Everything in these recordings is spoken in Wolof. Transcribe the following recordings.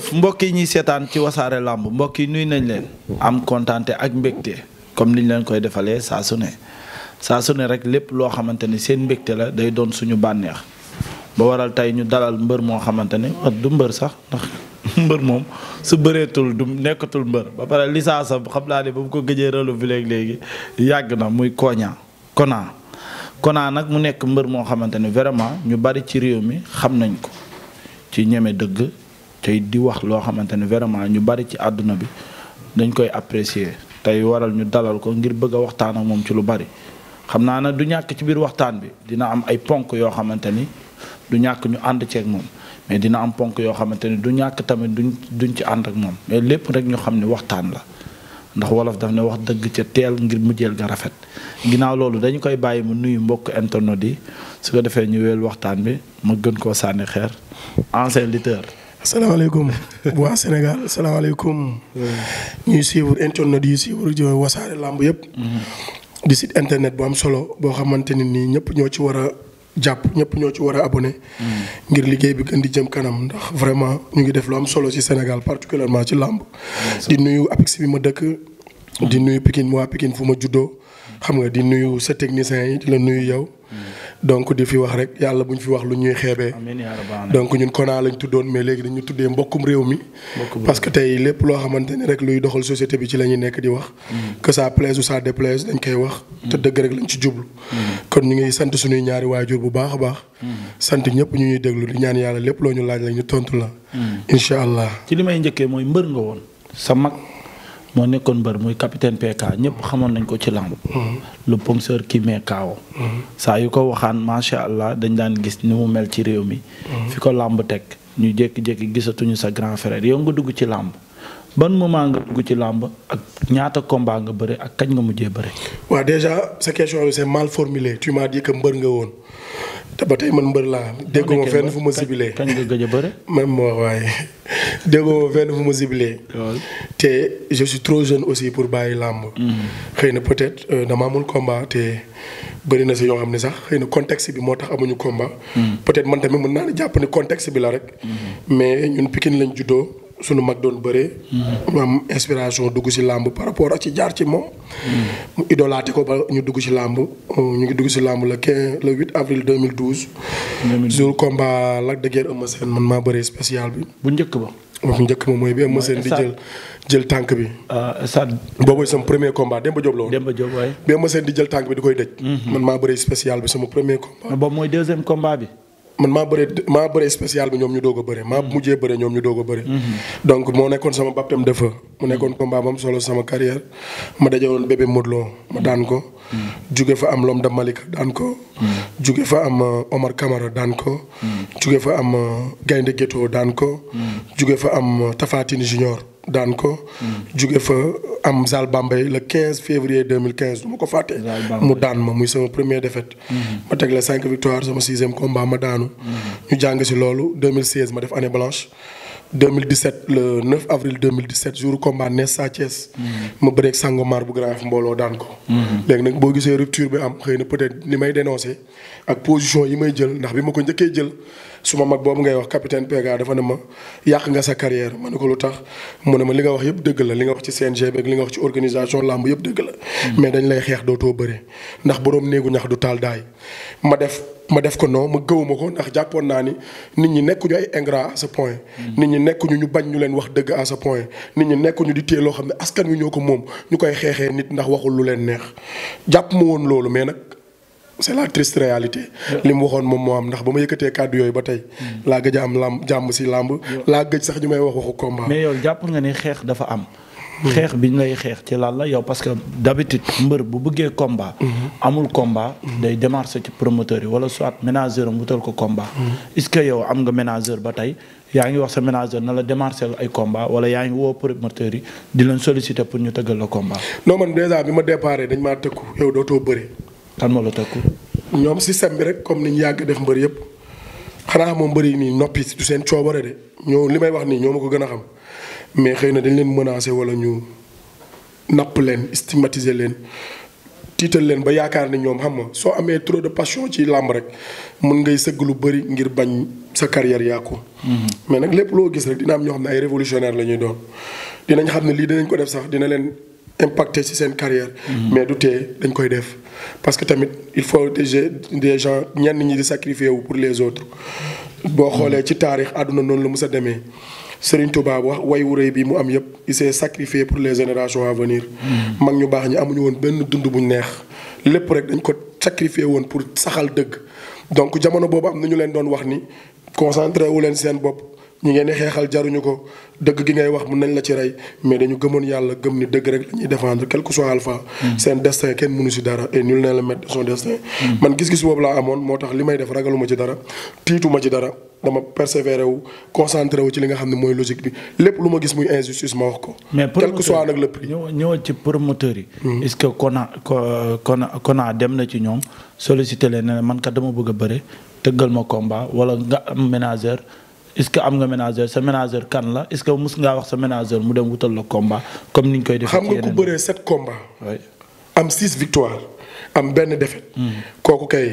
jërëjëf mbokk yi ñuy seetaan ci wasaare làmb mbokk yi nuy nañ leen am kontaante ak mbégte comme liñ leen koy defalee saa su ne saa su ne rek lépp loo xamante ni seen mbégte la day doon suñu bànneex ba waral tey ñu dalal mbër moo xamante ne du mbër sax ndax mbër moom su bëreetul du nekkatul mbër ba pare lisaasa xam naa ne ba mu ko gëjee relevé léegi yàgg na muy koña kona kona nag mu nekk mbër moo xamante ne vraiment ñu bari ci réew mi xam nañ ko ci ñeme dëgg te di wax loo xamante ne vraiment ñu bari ci àdduna bi dañ koy apprécier tey waral ñu dalal ko ngir bëgg a waxtaan ak moom ci lu bari. xam naa ne du ñàkk ci biir waxtaan bi dina am ay ponk yoo xamante ni du ñàkk ñu ànd moom dina am ponk yoo xamante ni du ñàkk tamit duñ duñ ci ànd ak moom mais lépp rek ñu xam ne waxtaan la. ndax wolof daf ne wax dëgg ca teel ngir mujjeel ga rafet ginnaaw loolu dañu koy bàyyi mu nuyu mbokk internet yi su ko defee ñu wéel waxtaan bi ma gën koo sànni xeer ancien lutteur asalaamaaleykum waa Sénégal asalaamaaleykum. ñuy suivre internet yi suivre ji wasaare làmb yëpp. di site internet bu am solo boo xamante ne nii ñëpp ñoo ci war a jàpp ñëpp ñoo ci war a abonné. ngir liggéey bi gën di jëm kanam ndax vraiment ñu ngi def lu am solo ci Sénégal particulièrement ci làmb. di nuyu APEX bi ma dëkk. di nuyu Pikine waa Pikine fu ma juddoo. xam nga di nuyu sa technicien yi di la nuyu yow. donc di fi wax rek yàlla bu ñu fi wax lu ñuy xeebee donc ñun Kona lañ tuddoon mais léegi dañu tuddee mbokkum réew mi parce que tey lépp loo xamante ni rek luy doxal société bi ci la ñuy nekk di wax mm. que sa plaise ou sa déplaise dañ koy wax mm. te dëgg rek lañ ci jublu mm. kon ñu ngi sant suñuy ñaari waajur bu baax a baax sant ñëpp ñu ñuy déglu di ñaan yàlla lépp loo ñu laaj rek ñu tontu la incha allah ci li mooy mbër nga woon sa mag moo nekkoon mbër muy capitaine PK ñëpp xamoon nañ ko ci làmb mm-hmm. le ponceur qui met KO mm-hmm. saa yu ko waxaan macha allah dañ daan gis ni mu mel ci réew mi mm-hmm. fi ko làmb teg ñu jékki-jékki gisatuñu sa grand frère yow nga dugg ci làmb ban moment nga dugg ci làmb ak ñaata combat nga bëre ak kañ nga mujjee bëre. waa déjà sa question bi c'est mal formulé tu m'as mbër nga woon te ba tey man mbër laa dégguma fenn fu ma sibilee kañ nga gëj a bëre. moo waaye dégguma fenn fu ma sibilee. te je suis trop jeune aussi pour bàyyi làmb. Mm-hmm. xëy na peut-être euh, dama amul combat te bëri na si yoo xam ne sax xëy na contexte bi moo tax amuñu combat. Mm-hmm. peut-être man tamit mën naa jàpp ne contexte bi la rek. Mm-hmm. mais ñun Pikine lañ juddoo. suñu mag doon bëree. Mm-hmm. mu am inspiration dugg si làmb par rapport ak ci jaar ci moom. Mm-hmm. mu idolaate ko ba ñu dugg si làmb euh, ñu ngi dugg si làmb la 15 le 8 avril 2012. 2012 jour combat la de Guiers Eumeu Sène man maa bëre spécial bi. bu njëkk ba. bu njëkk ba mooy bi Eumeu Sène di jël jël tànk bi. Euh, Sadd. boobu sama premier combat Demba Diop la woon. Demba Diop bi di jël tànk bi di koy dëj. Mm-hmm. man maa bëree spécial bi sama premier combat. boobu mooy deuxième combat bi. man maa bëre maa bëre spécial bi ñoom ñu doo a bëre maa mm-hmm. mujjee bëre ñoom ñu doog a bëre. Mm-hmm. donc moo nekkoon sama baptême de feu. mu nekkoon ko bam solo sama carrière ma daje woon bébé Modou Lo ma mm-hmm. daan ko. jóge fa am Lom da Malika daan ko. jóge fa am euh, Omar Camara daan ko. jóge fa am euh, Gaynde Ghetto daan ko. jóge fa am euh, Tafatine Junior. daan ko. Mm. jóge fa am Zal Bambey le 15 février 2015 du ma ko fàtte. mu daan ma muy sama première défaite. Mm-hmm. ma teg la cinq victoire sama sixième combat ma daanu. Mm-hmm. ñu jàng si loolu 2016 ma def année blanche. 2017 le 9 avril 2017 jour combat Ness Sa Thiès. Mm-hmm. ma bëreeg Sangomar bu Grand Yoff mbooloo daan ko. Mm-hmm. léegi nag boo gisee rupture bi am xëy na peut-être li may dénoncer ak position yi may jël ndax bi ma ko njëkkee jël su ma mag boobu ngay wax capitaine Pega dafa ne ma yàq nga sa carrière ma ne ko lu tax mu ne ma li nga wax yëpp dëgg la li nga wax ci CNG beeg li nga wax ci organisation làmb yëpp dëgg la. Mm-hmm. mais dañ lay xeex dootoo bëre ndax boroom néegu ñax du taal daay ma def. ma def ko non ma gëwuma ko ndax jàppoon naa ni nit ñi nekkuñu ay ingrat à ce point. Mm. nit ñi nekkuñu ñu bañ ñu leen wax dëgg à ce point nit ñi nekkuñu di téye loo xam ne askan wi ñoo ko moom ñu koy xeexee nit ndax waxul lu leen neex jàpp ma woon loolu mais nag c'est la triste réalité. li mu waxoon moom moo am ndax ba ma yëkkatee kàddu yooyu ba tey. Mm. laa gëj a am làmb jàmm si làmb. laa gëj sax ñu may wax waxu combat. mais yow jàpp nga ni xeex dafa am. xeex bi ñu lay xeex ci lan la yow parce que d'habitude mbër bu bëggee combat. Mhm. amul combat. Mhm. day démarché ci promoteur yi wala soit ménageur am wutal ko combat. Mhm. est que yow am nga ménageur ba tey yaa ngi wax sa ménageur na la démarché ay combat wala yaa ngi woo promoteur yi di leen solliciter pour ñu tëggal la combat. non man déjà bi ma déparé dañ maa tëkku yow dootoo bëri. kan moo la tëkku. ñoom système bi rek comme ni ñu yàgg def mbër yëpp xanaa moom mbër yi nii noppi du seen coobare de ñoo li may wax nii ñoo ma ko gën a mais xëy na dañ leen menacer wala ñu napp leen stigmatiser leen tiital leen ba yaakaar ne ñoom xam nga soo amee trop de passion ci làmb rek mën ngay sëgg lu bëri ngir bañ sa carrière yàqu. Mm-hmm. mais nag lépp loo gis rek dina am ñoo xam ne ay révolutionnaire la ñuy doon dinañ xam ne lii dinañ ko def sax dina leen impacté ci seen carrière. Mm-hmm. mais du tee dañ koy def parce que tamit il faut des des gens ñenn ñi di sacrifier wu pour les autres. boo xoolee ci taarix àdduna noonu la mës a demee. Serigne tubaab wax way wu rëy bi mu am yëpp il s'est sacrifié pour les générations à venir. mag ñu baax ñi amuñu woon benn dund bu neex lépp rek dañ ko sacrifié woon pour saxal dëgg donc jamono boobu am na ñu leen doon wax ni concentré wu leen seen bopp. ñi ngeen di xeexal jaruñu ko dëgg gi ngay wax mun nañ la ci rey mais dañu gëmoon yàlla gëm ni dëgg rek la ñuy défendre quel que soit alpha. Hmm. seen destin kenn mënu si dara et nul ne la mettre son destin. Hmm. man gis-gis boobu laa amoon moo tax li may def ragaluma ci dara tiituma ci dara dama persévérer wu concentré wu ci li nga xam ne mooy logique bi lépp lu ma gis muy injustice ma wax ko. mais quel que soit nag le prix. ñëw ci promoteur yi. Hmm. est-ce que Kona Kona Kona dem na ci ñoom sollicité leen ne man kat dama bëgg a bëre tëggal ma combat wala nga am ménageur. est-ce que am nga manager sa manager kan la est-ce que mus ngaa wax sa manager mu dem wutal la combat comme ni koy defee. xam nga ku bëree sept combats. am six victoires am benn défaite. Mm-hmm. kooku kay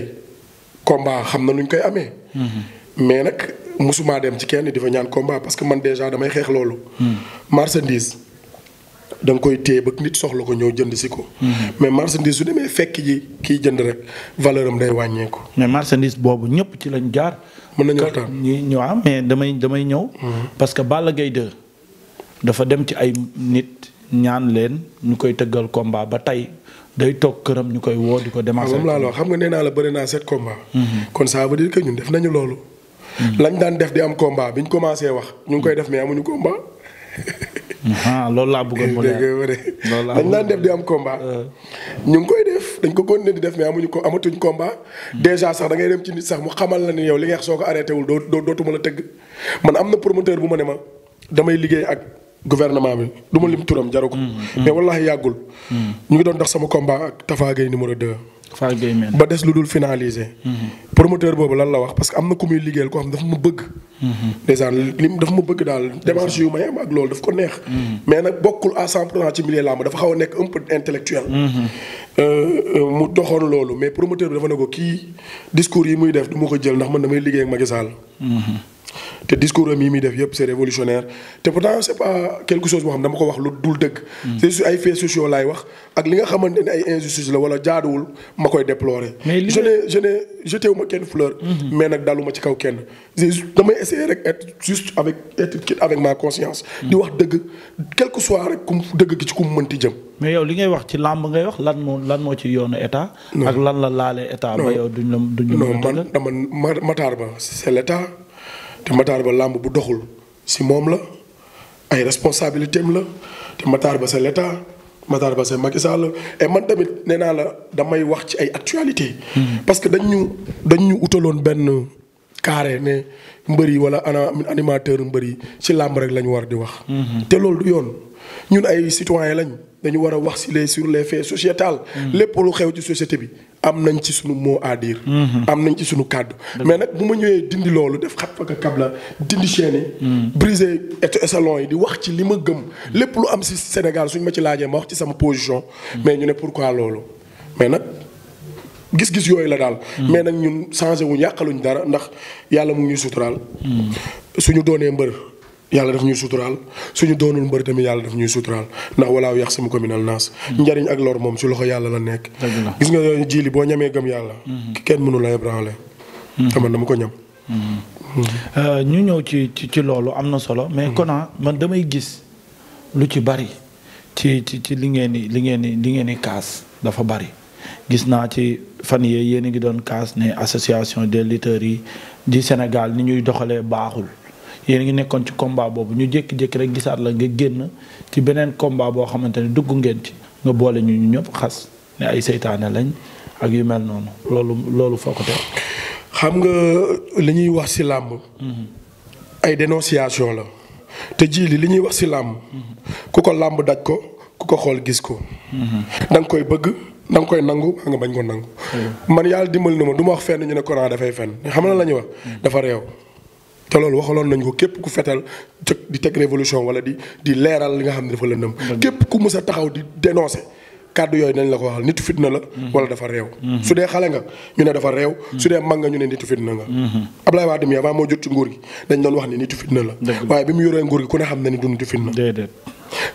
combat xam na nu ñu koy amee. Mm-hmm. mais nag musuma dem ci kenn di fa ñaan combat parce que man déjà damay xeex loolu. Mm-hmm. marchandise. da koy téye ba nit soxla ko ñëw jënd si ko. Mhm. mais marchandise su demee fekk ji kiy jënd rek valeur am wàññeeku. mais marchandise boobu ñëpp ci lañ jaar. mën nañu waxtaan ñi ñu am mais damay damay ñëw. Mhm. parce que Balla Gaye dafa dem ci ay nit ñaan leen ñu koy tëggal komba ba tey day toog këram ñu koy woo di ko ah, démarrer. moom xam nga nee naa la bëri naa sept combat. Mhm. kon ça veut dire que ñun def nañu loolu. lañ daan def di am combat biñ commencé wax ñu ngi koy def mais amuñu combat. ah loolu laa bëggoon moo leer loolu laa dañ daan def di am komba euh. ñu ngi koy def dañ ko continuer di def mais amuñu ko amatuñ komba hmm. déjà sax da dem ci nit sax mu xamal la ni yow li nga wax soo ko arrêté wul doo dootuma la tëgg man am na promoteur bu ma ne ma damay liggéey ak. gouvernement bi du ma lim turam jaru ko hmm, hmm, mais wallaahi yàggul. ñu ngi doon dox sama combat ak Tafa Gueye numéro 2. ba des lu dul finalisé. Mhm. promoteur boobu lan la wax parce que am na ku muy liggéeyal koo xam dafa ma bëgg. Mhm. dèjà lim dafa ma bëgg daal démarche yu may am ak loolu daf ko neex. Mhm. mais nag bokkul à 100 pour cent ci milieu dafa xaw a nekk un peu intellectuel. Euh, euh, mu doxoon loolu mais promoteur bi dafa ne ko kii discours yi muy def du ma ko jël ndax man damay liggéey ak Macky te discours am yi def yëpp c' est révolutionnaire te pourtant c' pas quelque chose boo xam dama ko wax lu dul dëgg. Hmm. c' est ay faits sociaux laay wax ak li nga xamante ne ay injustice la wala jaaduwul ma koy déplorer. mais li je ne je ne ma kenn fleur. Hmm. mais nag daluma ci kaw kenn. damay essayer rek être juste avec être avec ma conscience. Hmm. di wax dëgg quel que soit rek kum dëgg gi ci kum mënti jëm. mais yow li ngay wax ci làmb ngay wax lan moo lan moo ci yoonu état. ak lan la laalee état. ba yow duñ te Matar Ba làmb bu doxul si moom la ay responsabilité am la te Matar Ba c'est l'État Matar Ba c'est Macky Sall et man tamit nee naa la damay wax ci ay actualité hmm. parce que dañ dañ ñu utaloon benn carré ne mbër yi wala animateur mbër yi ci làmb rek la ñu war di wax. Hmm. te loolu du yoon ñun ay citoyen lañ dañu war a wax si les sur les faits sociétal hmm. lépp lu xew ci société bi am nañ ci suñu mot à dire. Mhm. am nañ ci suñu kàddu. mais nag bu ma ñëwee dindi loolu def xat faka kabla dindi chaîne yi. Mhm. briser échelon yi di wax ci li ma gëm. Mhm. lépp lu am si Sénégal suñ ma ci laajee ma wax ci sama position. mais ñu ne pourquoi loolu mais nag gis-gis yooyu la daal. mais nag ñun changé wu yàqaluñ dara ndax yàlla mu ngi ñuy suturaal. suñu doonee mbër. yàlla def ñuy suturaal suñu doonul mbër tamit yàlla daf ñuy suturaal ndax walaaw yax sama communal naas. Hmm. njariñ ak lor moom si loxo yàlla la nekk. gis nga jiili boo ñamee gëm yàlla. Hmm. kenn mënu la ébranler. Hmm. te dama ko ñam. Euh, ñu ñëw ci ci loolu am na solo mais Kona ah, man damay gis lu ci bari ci ci ci li ngeen di li ngeen di li ngeen di kaas dafa bari gis naa ci fan yee yéen a ngi doon kaas ne association de lutteurs yi di Sénégal ni ñuy doxalee baaxul. yéen ngi nekkoon ci combat boobu ñu jékki-jékki rek gisaat la nga génn ci beneen combat boo xamante ne dugg ngeen ci nga boole ñu ñëpp xas ne ay seytaane lañ ak yu mel noonu loolu loolu foo ko xam nga li ñuy wax si làmb mm-hmm. ay dénonciation la te jii li li ñuy wax si làmb mm-hmm. ku ko làmb daj ko ku ko xool gis ko mm-hmm. da koy bëgg da koy nangu nga bañ ko nangu man yàlla dimbali na ma du ma wax fenn ñu ne ko Coran dafay fenn xam na la ñuy dafa réew te loolu waxaloon nañ ko képp ku fetal jëkk di teg révolution wala di di leeral li nga xam ne dafa lëndëm képp ku mës a taxaw di dénoncer kàddu yooyu nañ la ko waxal nitu fitna la mhm. wala dafa réew mhm. su dee xale nga ñu ne dafa réew mhm. su dee mag nga ñu ne nitu fitna nga Abdoulaye Wade mi avant moo jot ci nguur gi dañ doon wax ni nitu fitna la waaye bi mu yoree nguur gi ku ne xam na ni du nitu fitna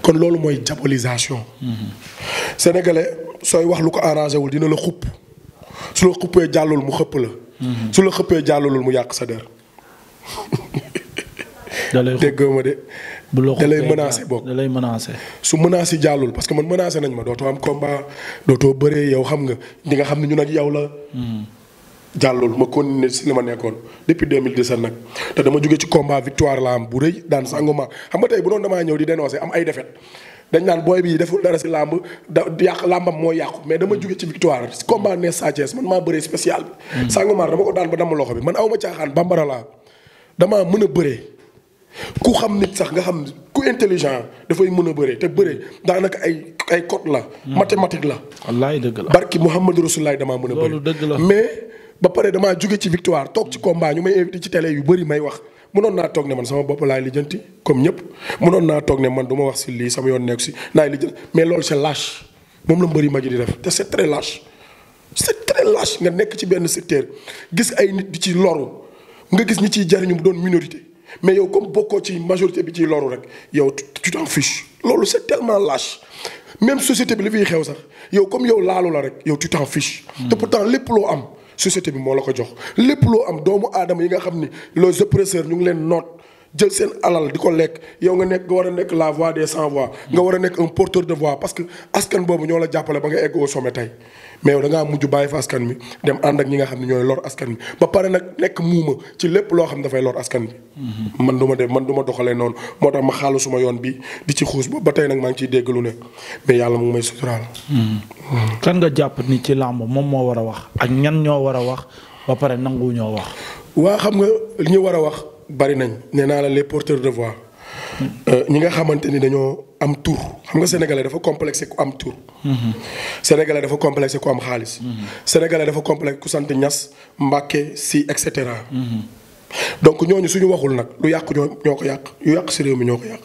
kon loolu mooy diabolisation sénégalais sooy wax lu ko arrangé wul dina la xupp su la xuppee jàllul mu xëpp la su la xëppee jàllul mu yàq sa der da lay déggoo ma de. bu loo da lay menacé bokk lay menacé. su menacé jàllul parce que man menacé nañ ma dootoo am combat dootoo bëree yow xam nga ñi nga xam ne ñu nag yow la. Hmm. jàllul ma continuer si li ma nekkoon depuis 2017 nag te dama jóge ci combat victoire la am bu rëy daan sanguma xam ma tey bu doon damaa ñëw di dénoncer am ay defet dañ naan booy bi deful dara si làmb da yàq làmbam moo yàqu mais dama juge ci victoire si combat ne Sa Thiès man maa bëree spécial bi. Hmm. sanguma loxo bi man aw ma caaxaan bambara laa damaa mën a bëre ku xam nit sax nga xam ku intelligent dafay mën a bëre te bëre daanaka ay ay code la. Hmm. mathématique la. wallaay dëgg la barki Mouhamadou Rasulaay damaa mën a bëre. loolu dëgg la mais ba pare damaa jóge ci victoire toog ci combat ñu may invité ci télé yu bëri may wax. mënoon naa toog ne man sama bopp laay lijjanti comme ñëpp mënoon naa toog ne man du ma wax si lii sama yoon nekk si naay lijjanti mais loolu c'est lâche moom la mbëri magi di def te c'est très lâche nga nekk ci benn secteur gis ay nit di ci loru. nga gis ñi ciy jariñu mu doon minorité mais yow comme bokkoo ci majorité bi ci loru rek yow tu t'en fiches loolu c'est tellement lâche même société bi li fiy xew sax yow comme yow laalu la rek yow tu t'en fiches. Hmm. te pourtant lépp loo am société bi moo la ko jox lépp loo am doomu aadama yi nga xam ni les oppresseurs ñu ngi leen noot. jël seen alal di ko lekk yow nga nekk nga war a nekk la voix de sans voix nga hmm. war a nekk un porteur de voix parce que askan boobu ñoo la jàppale ba nga egg tey mais yow da ngaa mujj bàyyi fa askan wi dem ànd ak ñi nga xam ne ñooy lor askan wi ba pare nag nekk muuma ci lépp loo xam ne dafay lor askan wi. Mhm. man du ma def man du ma doxalee noonu moo tax ma xaalu suma yoon bi di ci xuus ba tey nag maa ngi ciy dégg lu ne mais yàlla mu ngi may suturaal. Mhm. Mhm. kan nga jàpp ni ci làmb moom moo war a wax ak ñan ñoo war a wax ba pare nangu ñoo wax. waa xam nga li ñu war a wax bari nañ nee naa la les porteurs de voix. Euh, ñi nga xamante ni dañoo am tur xam nga sénégalais dafa complexé ku am tur. Mm-hmm. sénégalais dafa complexé ku am xaalis. Mm-hmm. sénégalais dafa complexé ku sant ñas mbàkke si et cetera. Mm-hmm. donc ñooñu suñu waxul nag lu yàq ñoo ñoo ko yàq yu yàq si réew mi ñoo ko yàq.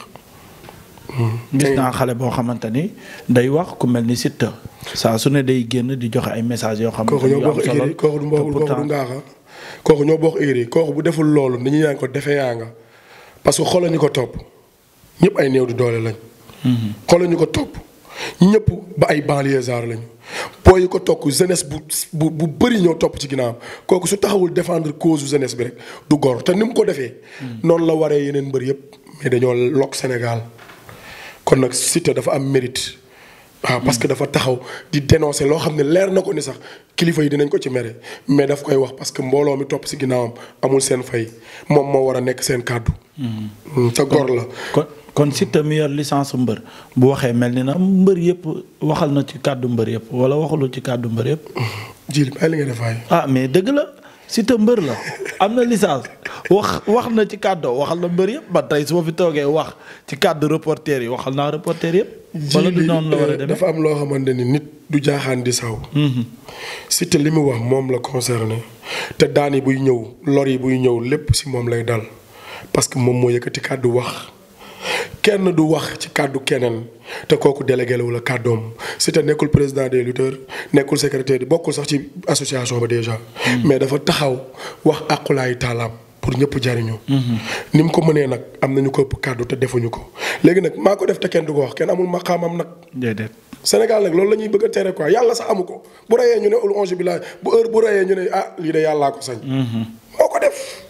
gis naa xale boo xamante ni day wax ku mel ni Siteu saa su ne day génn di joxe ay message yoo xam ne. kooku ñoo bokk écurie kooku ñoo bokk écurie kooku bu deful loolu ni ñu ñi yaa ko defe yaa nga. parce que xoolal ñu ko topp ñëpp ay néew di doole lañ. xoolal ñu ko topp ñëpp ba ay banlieusards lañ booy yi ko tokk jeunesse bu bu bu bëri ñoo topp ci ginnaaw kooku su taxawul defendre cause jeunesse bi rek du gor te ni mu ko defee. noonu la waree yeneen mbër yëpp mais dañoo lokk Sénégal kon nag Siteu dafa am mérite. waaw ah, parce que dafa taxaw di dénoncer loo xam ne leer na ko ni sax kilifa yi dinañ ko ci mere mais daf koy wax parce que mbooloo mi topp si ginnaawam amul seen fay moom moo war a nekk seen kàddu. te hmm. gor la. kon kon Siteu mi yor licence mbër bu waxee mel ni na mbër yëpp waxal na ci kàddu mbër yëpp wala waxalul ci kàddu mbër yëpp. ji li nga def ay. ah mais dëgg la. Siteu mbër la am na licence wax wax na ci kàddu waxal na mbër yëpp ba tey su ma fi toogee wax ci kàddu reporter yi waxal naa reporter yëpp. wala du dafa am loo xamante ni nit du jaaxaan di saw. Mm-hmm. Siteu li mu wax moom la concerné te daan yi buy ñëw lor yi buy ñëw lépp si moom lay dal parce que moom moo yëkkati kàddu wax. kenn du wax ci kàddu keneen te kooku délégué la wala kàddoom Siteu nekkul président de lutteurs nekkul secrétaire bokkul sax ci association ba déjà. Hmm. mais dafa taxaw wax àqulaay taalaam pour ñëpp jariñu hmm. ni mu ko mënee nag am nañu ko ëpp kàddu te defuñu ko léegi nag maa ko def te kenn du ko wax kenn amul maqaamam nag. déedéet Sénégal nag loolu la ñuy bëgg a tere quoi yàlla sax amu ko bu rayee ñu ne ul onge bi laa bu heure bu rayee ñu ne ah lii de yàllaa ko sañ. Hmm. moo ko def.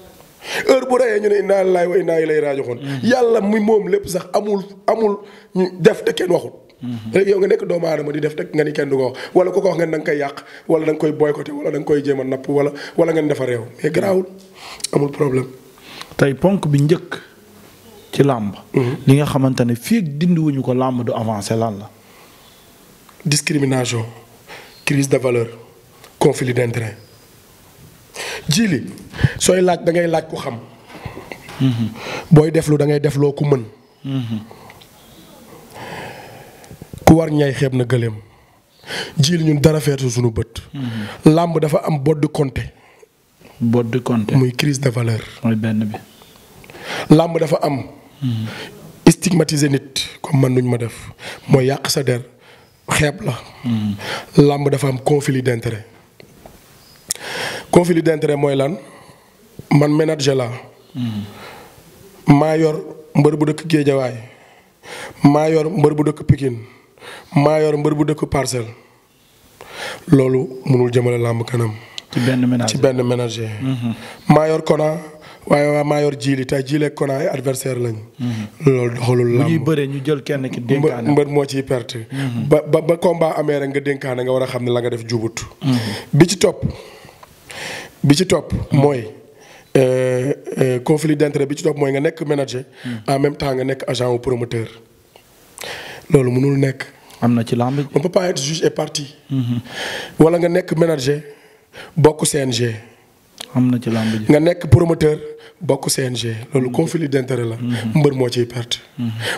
heure bu reyee ñu ne inna lillahi wa inna lay raji'un yàlla mi moom lépp sax amul amul ñu def te kenn waxut léegi yow nga nekk doomu aadama di def te nga ni kenn du ko wax wala ku ko wax ngeen da nga koy yàq wala da koy boycotté wala da nga koy jéem a napp wala wala ngeen dafa réew mais garaawul amul problème tey ponk bi njëkk ci làmb mm-hmm. li nga xamante ne fii dindiwuñu ko làmb du avancé lan la discrimination crise de valeur conflit d'intérêt li sooy laaj da ngay laaj ku xam. booy deflu da ngay def loo ku mën. ku war ñay xeeb na gëléem gëleem li ñun dara feetu suñu bët. làmb dafa am bodd compte. bodd compte muy crise de valeur. mooy benn làmb dafa am. stigmatiser nit comme man nuñ ma def mooy yàq sa der xeeb la. làmb dafa am conflit d'intérêt. conflit d'intérêt mooy lan man ménager la maa yor mbër bu dëkk Géejawaay maa yor mbër bu dëkk pikin maa yor mbër bu dëkk Parcelles loolu mënul jëmale làmb kanam. ci benn ménager ci benn ménager. Mhm. maa yor Kona waaye waa maa yor jiili tey jiili ak Kona ay adversaire lañ. Mhm. loolu doxalul làmb bu ñuy ñu jël kenn ki dénkaane mbër moo ciy perte. Mhm. ba ba ba combat amee rek nga dénkaane nga war a xam ne la nga def jubut. bi ci topp. bi ci topp mooy euh, euh, conflit d'intérêt bi ci topp mooy nga nekk manager. Hmm. en même temps nga nekk agent ou promoteur. loolu mënul nekk. am na ci lamb on partie. Hmm. wala nga nekk manager bokk CNG. am na ci lamb ji nga nekk promoteur bokk CNG loolu hmm. conflit d'intérêt la. mbër moo ciy perte.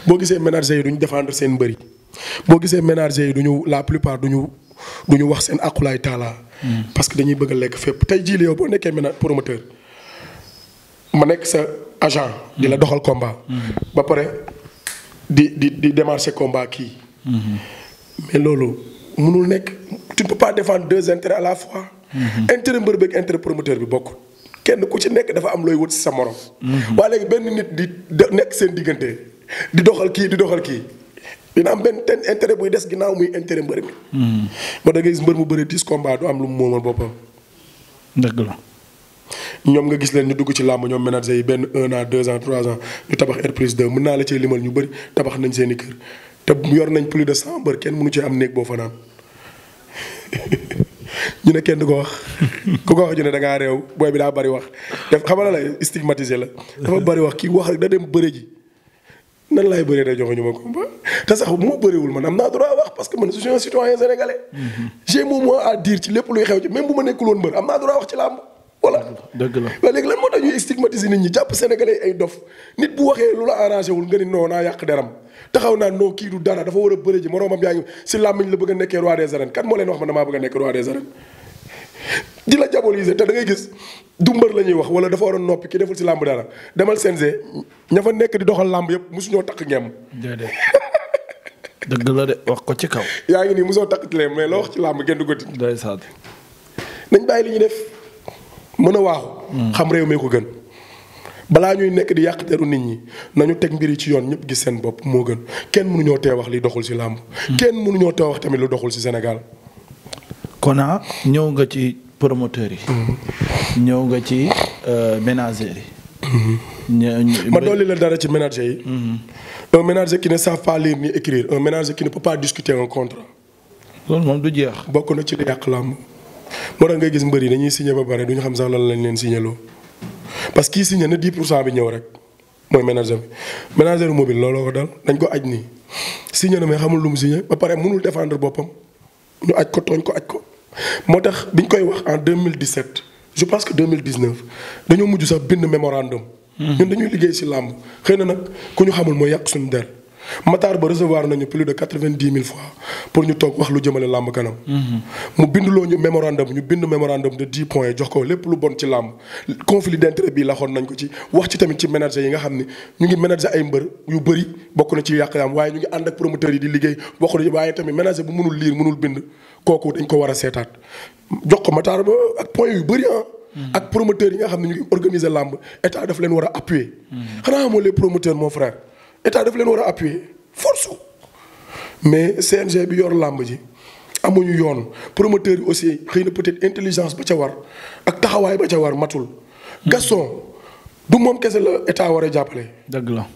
boo gisee manager yi duñu défendre seen mbër boo gisee manager yi duñu la plupart duñu duñu wax seen akulaay taalaa. parce que dañuy bëgg a lekk fépp tey jii yow boo nekkee maintenant promoteur ma nekk sa agent. di la mm. doxal combat. Mm. ba pare di di di démarcher komba kii. Mm-hmm. mais loolu mënul nekk tu ne peux pas défendre deux intérêts à la fois. Mm-hmm. intérêt mbër bi ak promoteur bi bokkul. kenn ku ci nekk dafa am looy wut si sa morom. Mm-hmm. waaye léegi benn nit di nekk seen diggante di doxal kii di doxal kii. dina am benn ten intérêt buy des ginnaaw muy intérêt mbër mi. Hmm. ba da ngay gis mbër mu bëri diis combat du am lu mu moomal boppam. dëgg la. ñoom nga gis leen ñu dugg ci làmb ñoom ménager yi benn un an deux ans trois an ñu tabax R plus 2 mën naa la cee limal ñu bëri tabax nañ seen i kër te yor nañ plus de cent mbër kenn mënu ci am néeg boo fa naan ñu ne kenn du ko wax ku ko wax ñu ne da booy bi daa bari wax def xamala la stigmatisé la dafa bari wax kii wax da dem bëre ji nan laay bëree da joxuñu ma te sax bu ma bëriwul man am naa droit wax parce que man je suis un citoyen sénégalais. Mhm. j'ai mon mot ci lépp luy xew ci même bu ma nekkul woon mbër am naa droit wax ci làmb voilà léegi lan moo tax ñuy nit ñi jàpp sénégalais ay dof nit bu waxee lu la wul nga ni non naa yàq deram taxaw naa non kii du dara dafa war a bëri ji moroomam yaa ngi si la bëgg a nekkee roi des di la diaboliser te da ngay gis du mbër la ñuy wax wala dafa waroon noppi ki deful si làmb dara demal CNG ña fa nekk di doxal làmb yëpp mosuñoo takk ngeem. dëgg la de wax ko ci kaw. yaa ngi nii mosoo takkatilee mais la wax ci làmb kenn du ko di. saa nañ bàyyi li ñuy def mën a waaxu. Hmm. xam réew mi ko gën. balaa ñuy nekk yàq teru nit ñi nañu teg mbir yi ci yoon ñëpp gis seen bopp moo gën kenn mënuñoo tee wax li doxul ci làmb. Hmm. kenn mënuñoo te wax tamit lu doxul si Sénégal. Kona ñëw nga ci promoteurs yi. Hmm. ñëw nga ci euh, ménagères yi. ma dolli la dara ci ménager yi. Mm-hmm. un ménager qui ne sa pas lire ni écrire un ménager qui ne peut pas discuter un contrat. loolu moom du jeex. bokk na ci li yàq làmb moo tax ngay gis mbër yi dañuy siñe ba pare du ñu xam sax lan lañ leen signéloo parce que kii signé na di pour cent bi ñëw rek mooy ménager bi ménager mobile looloo ko dal dañ ko aj nii signé na mais xamul lu mu signé ba pare mënul défendre boppam ñu aj ko tooñ ko aj ko moo tax biñ koy wax en 2017 je pense que 2019 dañoo mujj sax bind mémorandum ñun dañuy liggéey si làmb xëy na nag ku ñu xamul mooy yàq suñu der Matar ba recevoir nañu plus de quatre-vingt-dix mille fois pour ñu toog wax lu jëmale làmb kanam. mu binduloo ñu mémorandum ñu bind mémorandum de dix points jox ko lépp lu bon ci làmb. conflit d'intérêt bii laxoon nañ ko ci wax ci tamit ci manager yi nga xam ni ñu ngi manager ay mbër yu bëri bokk na ci yàq yaam waaye ñu ngi ànd ak promoteur yi di liggéey bokk na waaye tamit manager bu mënul liir mënul bind kooku dañ ko war a seetaat jox ko Matar ba ak points yu bëri ah. Mm-hmm. ak promoteur yi nga xam ne ñu ngi organiser làmb état daf leen war a appuyer. Mm-hmm. xanaa moo les promoteurs mon frère état daf leen war a appuyer force mais CNG bi yor làmb ji amuñu yoon promoteur yi aussi xëy na peut-être intelligence ba ca war ak taxawaay ba ca war matul. Mm-hmm. Gaston du moom kese la état war a jàppale. dëgg la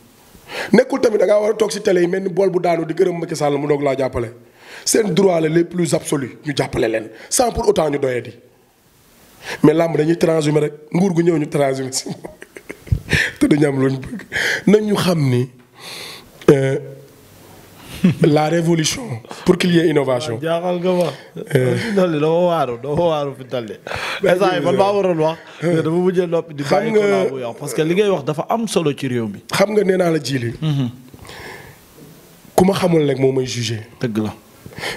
nekkul tamit da ngaa war a toog si télé yi mel ni bool bu daanu di gërëm Macky Sall mu doog laa jàppale seen droit la les plus absolu ñu jàppale leen sans pour autant ñu doyati. mais làmb dañuy transhumé rek nguur gu ñëw ñu transhumé si te duñu am luñ bëgg nañ ñu xam ni euh, la révolution pour qu'il y ait innovation. Ah, jaaxal nga ma. Euh, ah, fi mu toll dafa waaru dafa waaru fi mu toll nii. man maa waroon euh. di bàyyi ko parce que li ngay wax dafa am solo ci réew bi xam nga nee naa la ji li mhm. ku ma xamul rek moo may jugé. dëgg la.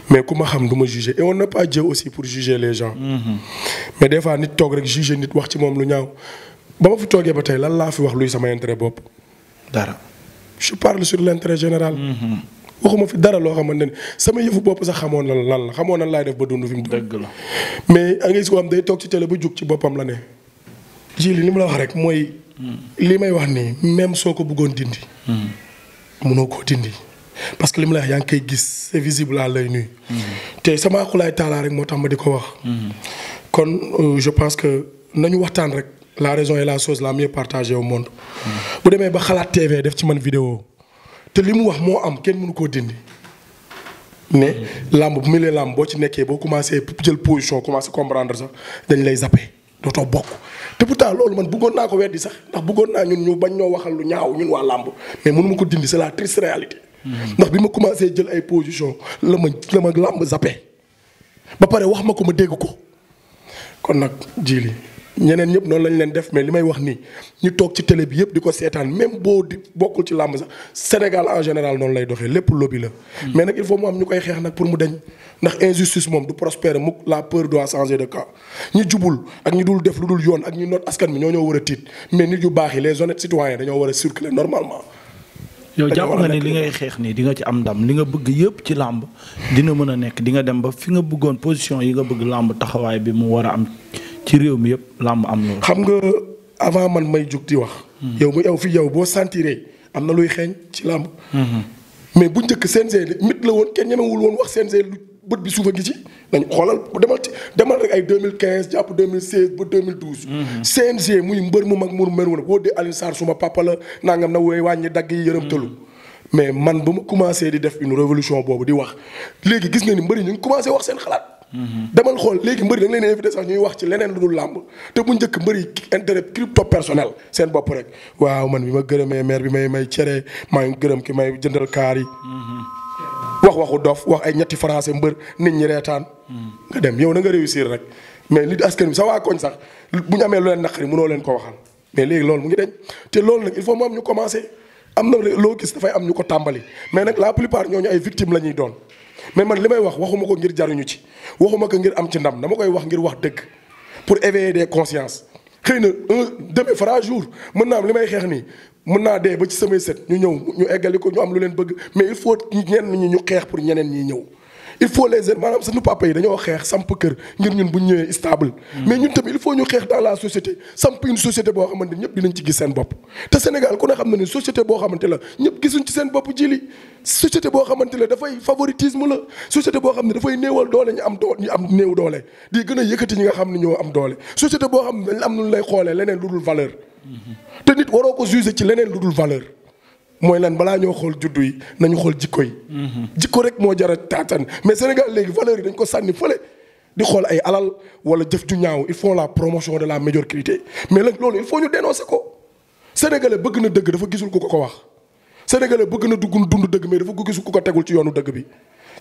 mais ku ma xam du ma juger et n'a pas Dieu aussi pour juger les gens. mais des nit toog rek juger nit wax ci moom lu ñaaw ba ma fi toogee ba tey lan laa fi wax luy sama intérêt bopp. dara je parle sur l'intérêt général. waxuma fi dara loo xamante ne sama yëfu bopp sax xamoon na lan la xamoon nan laay def ba dund fi mu. dëgg la mais a ngi gis ko am day toog ci télé bu jug ci boppam la ne. ji li ma la wax rek mooy. li may wax nii même soo ko bëggoon dindi. Hmm. munoo dindi. parce que li mu la wax yaa ngi koy gis c'est visible à l'œil nuy mhm. te sama akulaay taalaa rek moo tax ma di ko wax. Mhm. kon euh, je pense que nañu waxtaan rek la raison est la chose la mieux partagée au monde. Mhm. bu demee ba xalaat TV def ci man video te li mu wax moo am kenn mënu koo dindi. ne làmb bu milee làmb boo ci nekkee boo commencé jël position commencé comprendre sax dañ lay zappé dootoo bokk te pourtant loolu man bëggoon naa ko weddi sax ndax bëggoon naa ñun ñu bañ ñoo waxal lu ñaaw ñun waa làmb mais mënu ko dindi c'est la triste réalité. ndax bi ma commencé jël ay position la ma la ma làmb zappé ba pare wax ma ko ma dégg ko kon nag jii jili ñeneen ñëpp noonu lañ leen def mais li may wax nii ñu toog ci télé bi yëpp di ko seetaan même boo di bokkul ci làmb sax Sénégal en général noonu lay doxee lépp lobby la. Mm. mais nag il faut mu am ñu koy xeex nag pour mu deñ ndax injustice moom du prospérer mukk la peur doit changer de camp ñi jubul ak ñi dul def lu dul yoon ak ñi noot askan mi ñoo ñoo war a tiit mais nit yu baax yi les honnêtes citoyens dañoo war a circuler yow jàpp nga ne li ngay xeex nii di nga ci am ndam li nga bëgg yëpp ci làmb dina mën a nekk di nga dem ba fi nga bëggoon position yi nga bëgg làmb taxawaay bi mu war a am ci réew mi yëpp làmb am loolu. xam nga avant man may jug di wax. Hmm. yow mu yow fii yow boo sentiree am na luy xeeñ ci làmb. Hmm. mais bu njëkk CNG mit la woon kenn ñemewul woon wax CNG lu bët bi suufa ngi ci dañ xoolal demal ci demal rek ay 2015 jàpp 2016 ba 2012. Mhm. CNG muy mbër mu mag mu mel woon boo dee Alioune Sarr suma papa la nangam na wooy wàññi dagg yi yërëm tëlu mhm. mais man bu ma commencé di def une révolution boobu di wax léegi gis nga ni mbëri ñu ngi commencé wax seen xalaat. Mhm. demal xool léegi mbëri da nga leen invité sax ñuy wax ci leneen lu dul làmb te bu njëkk mbëri intérêt crypto personnel seen bopp rek waaw man bi ma gërëmee maire bi may may cere maa ngi gërëm ki may jëndal kaar wax waxu dof wax ay ñetti français mbër nit ñi reetaan. nga dem yow na nga réussir rek mais li askan bi sa waa koñ sax bu ñu amee lu leen naqari mënoo leen ko waxal mais léegi loolu mu ngi deñ te lool nag il faut mu am ñu commencé am na loo gis dafay am ñu ko tàmbali mais nag la plupart ñooñu ay victimes la ñuy doon mais man li may wax waxuma ko ngir jaruñu ci waxuma ko ngir am ci ndam dama koy wax ngir wax dëgg pour éveiller des consciences xëy na un demi franc mën naa am li may xeex nii mën naa dee ba ci samay set ñu ñëw ñu eggali ko ñu am lu leen bëgg mais il faut ñenn ñi ñu xeex pour ñeneen ñi ñëw il faut les aider maanaam suñu papa yi dañoo xeex samp kër ngir ñun bu ñu ñëwee stable. mais ñun tamit il faut ñu xeex dans la société samp une société boo xamante ni ñëpp dinañ ci gis seen bopp. te Sénégal ku ne xam na ni société boo xamante la ñëpp gisuñ ci seen bopp ji li société boo xamante la dafay favoritisme la société boo xam ne dafay néewal doole ñu am doole ñu am néew doole di gën a ñi nga xam ne ñoo am doole société boo xam ne dañ am lu lay xoolee leneen lu valeur. te nit waroo ko juger ci leneen lu dul valeur mooy lan balaa ñoo xool juddu yi nañu xool jikko yi. jikko rek moo jar a taataan mais Sénégal léegi valeur yi dañ ko sànni fële di xool ay alal wala jëf ju ñaaw il faut la promotion de la médiocrité mais nag loolu il faut ñu dénoncer ko sénégalais bëgg na dëgg dafa gisul ku ko ko wax sénégalais bëgg na dugg dund dëgg mais dafa ko gisul ku ko tegul ci yoonu dëgg bi.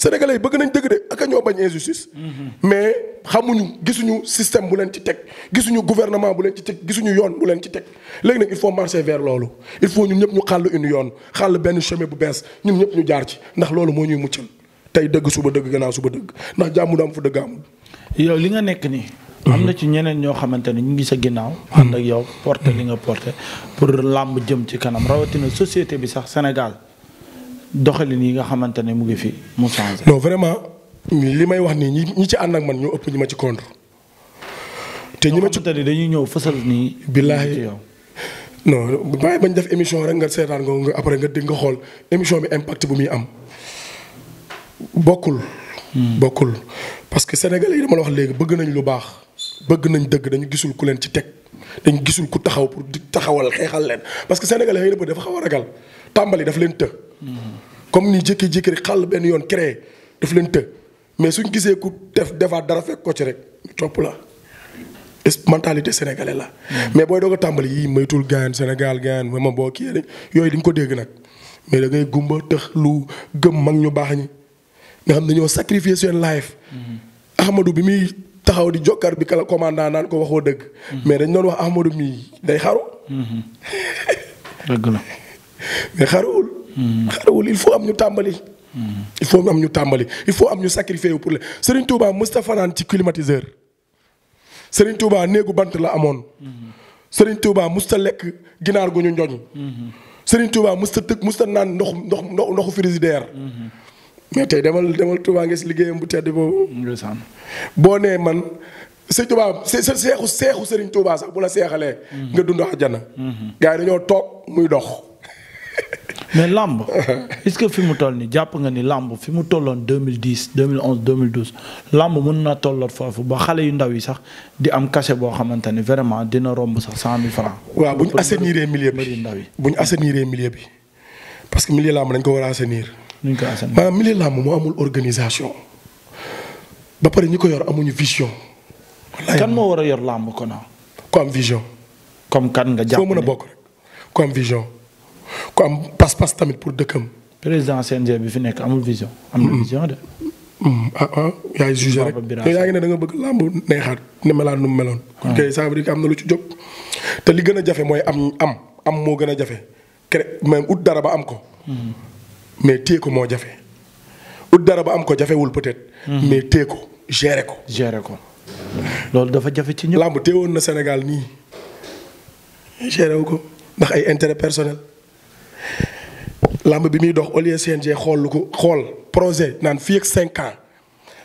sénégalais yi bëgg nañ dëgg de ak ñoo bañ injustice. Mm-hmm. mais xamuñu gisuñu système bu leen ci teg gisuñu gouvernement bu leen ci teg gisuñu yoon bu leen ci teg léegi nag il faut marcher vers loolu il faut ñun ñëpp ñu xàll une yoon xàll benn chemin bu bees ñun ñëpp ñu jaar ci ndax loolu moo ñuy muccal tey dëgg suba dëgg gannaaw suba dëgg ndax jàmm du am fu dëgg amul. yow li nga nekk nii. Mm-hmm. am na ci ñeneen ñoo xamante ne ñu ngi sa ginnaaw. Mm-hmm. ànd ak yow porté li nga porté pour làmb jëm ci kanam rawatina société bi sax Sénégal. doxalin yi nga xamante ne mu ngi fi mu change non vraiment li may wax nii ñi ñi ci ànd ak man ñoo ëpp ñi ma ci contre. te ñi ma ci dañuy ñëw fësal nii. billaahi non bàyyi bañ def émission rek nga seetaan nga après nga dégg nga xool émission bi impact bu muy am bokkul. Hmm. bokkul parce que sénégalais yi dama la wax léegi bëgg nañ lu baax bëgg nañ dëgg dañu gisul ku leen ci teg dañu gisul ku taxaw pour di taxawal xeexal leen parce que sénégalais yi dafa xaw a ragal tàmbali daf leen comme ni jékki-jékki rek xàll benn yoon créé daf leen të mais suñ gisee ku def defaat dara fekk ko ci rek ñu topp la mentalité sénégalais la. Mm. mais booy doog tàmbali yi maytul gaañ Sénégal gaañ ma boo kii yooyu di ko dégg nag mais da ngay gumba tëx lu gëm mag ñu baax ñi nga xam dañoo sacrifier seen life. Mm-hmm. Ahmadou bi muy taxaw di jokkar bi kala commandant naan ko waxoo dëgg. Mm-hmm. mais dañ doon wax Ahmadou mii day xaru. Mm-hmm. dëgg la Mm-hmm. xaarawul mm-hmm. il faut am ñu tàmbali. il faut am ñu tàmbali il faut am ñu sacrifié wu pour le Serigne Touba Moustapha naan ci climatiseur Serigne Touba néegu bant la amoon. Mm-hmm. Serigne Touba musta lekk ginaar gu ñu njoñ. Serigne Touba musta tëgg musta naan ndox ndox ndox ndoxu frigidaire. mais tey demal demal Touba ngis liggéeyam bu tedd boo nee man sëñ Touba sa seexu seexu Serigne Touba sax bu la seexalee. nga dund àjjana. gars dañoo toog muy dox. mais làmb est-ce que fi mu toll nii jàpp nga ni làmb fi mu tolloon 2010 2011 2012 làmb mën naa tolloot foofu ba xale yu ndaw yi sax di am cachet boo xamante ni vraiment dina romb sax 100000 francs. waaw bu ñu assainir milieu bi ndaw yi ñu assainir milieu bi parce que milieu làmb dañ ko war a assainir. ñu ko assainir maanaam milieu làmb moo amul organisation ba pare ñi ko yor amuñu vision. kan moo war a yor làmb kon. ku am vision. comme kan nga jàpp ne foo mën a bokk rek ku am vision. ko am pas-pas tamit pour dëkkam. président CNG bi fi nekk amul vision. am na mm. vision de. Mm. ah ah yaay jugé rek yaa ngi ne da nga bëgg làmb neexaat ne melaat nu mu meloon. kon ah. kay ça veut am na lu ci jóg. te li gën a jafe mooy am am am moo gën a jafe cré même ut dara ba am ko. Mm. mais téye moo jafe. ut dara ba am ko jafewul peut-être. mais téye ko gérer ko. gérer ko loolu dafa jafe ci ñëpp. làmb woon na Sénégal nii gérer wu ko ndax ay intérêt personnel. làmb bi muy dox au lieu CNG xool lu ko xool projet naan fii ak 5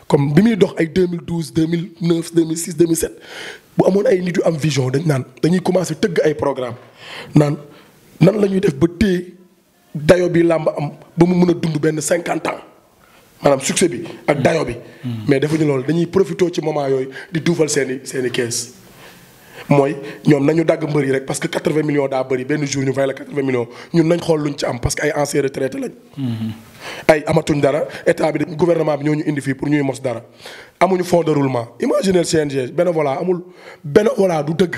comme bi muy dox ay 2012 2009 2006 2007 bu amoon ay nit yu am vision dañ naan dañuy commencé tëgg ay programme naan nan la ñuy def ba téye dayo bi làmb am ba mu mën a dund benn cinquante ans maanaam succès bi ak dayo bi. Hmm. mais defuñu loolu dañuy profité ci moment yooyu di duufal seen i seen kees. mooy ñoom nañu dagg mbër yi rek parce que 80 millions daa bëri benn jour ñu fay la 80 millions ñun nañ xool luñ ci am parce que ay anciens retraités lañ. Mm-hmm. ay amatuñ dara état bi gouvernement bi ñoo ñu indi fii pour ñuy mos dara amuñu fond de roulement imaginez CNG bénévolat amul bénévolat du dëgg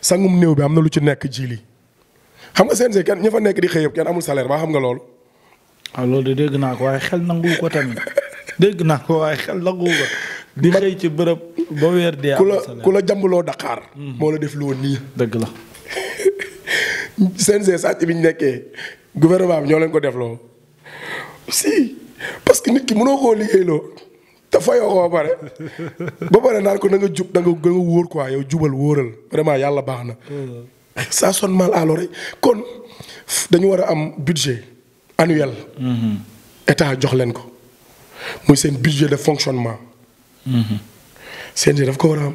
sangum néew bi am na lu ci nekk ji lii xam nga CNG kenn ña fa nekk di xëy yëpp kenn amul salaire ba xam nga loolu. waaw ah, loolu de dégg naa ko waaye xel nangu ko tamit dégg naa ko waaye xel di xëy ci bërëb ba weer dee. ku la ku la jàmbaloo Dakar. Mhm. moo la def loo nii. dëgg la. CNG sàcc bi ñu nekkee gouvernement bi ñoo leen ko defloo si parce que nit ki mënoo koo loo te fayoo ko ba pare ba pare naan ko na nga jub da nga gën a wóor quoi yow jubal wóoral vraiment yàlla baax na. Mhm. ça sonne mal à l'oreille kon dañu war a am budget annuel. Mhm. état jox leen ko muy seen budget de fonctionnement. CNG daf ko war a am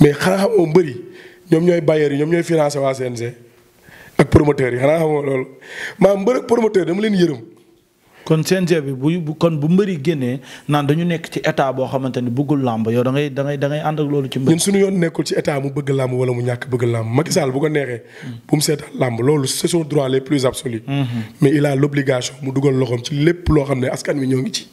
mais xanaa xamoo mbër yi ñoom ñooy bailleurs yi ñoom ñooy financé waa CNG ak promoteurs yi xanaa xamoo loolu maanaam mbër ak promoteur dama leen yërëm. kon CNG bi bu kon bu mbëri génnee naan dañu nekk ci état boo xamante ni bëggul làmb yow da ngay da ngay da ngay ànd ak loolu ci mbër. ñun suñu yoon nekkul ci état mu bëgg làmb wala mu ñàkk bëgg làmb Macky Sall bu ko neexee. bu mu seetaan làmb loolu c'est son droit les plus absolus. Mm-hmm. mais il a l'obligation mu dugal loxoom ci lépp loo xam ne askan wi ñoo ngi ci.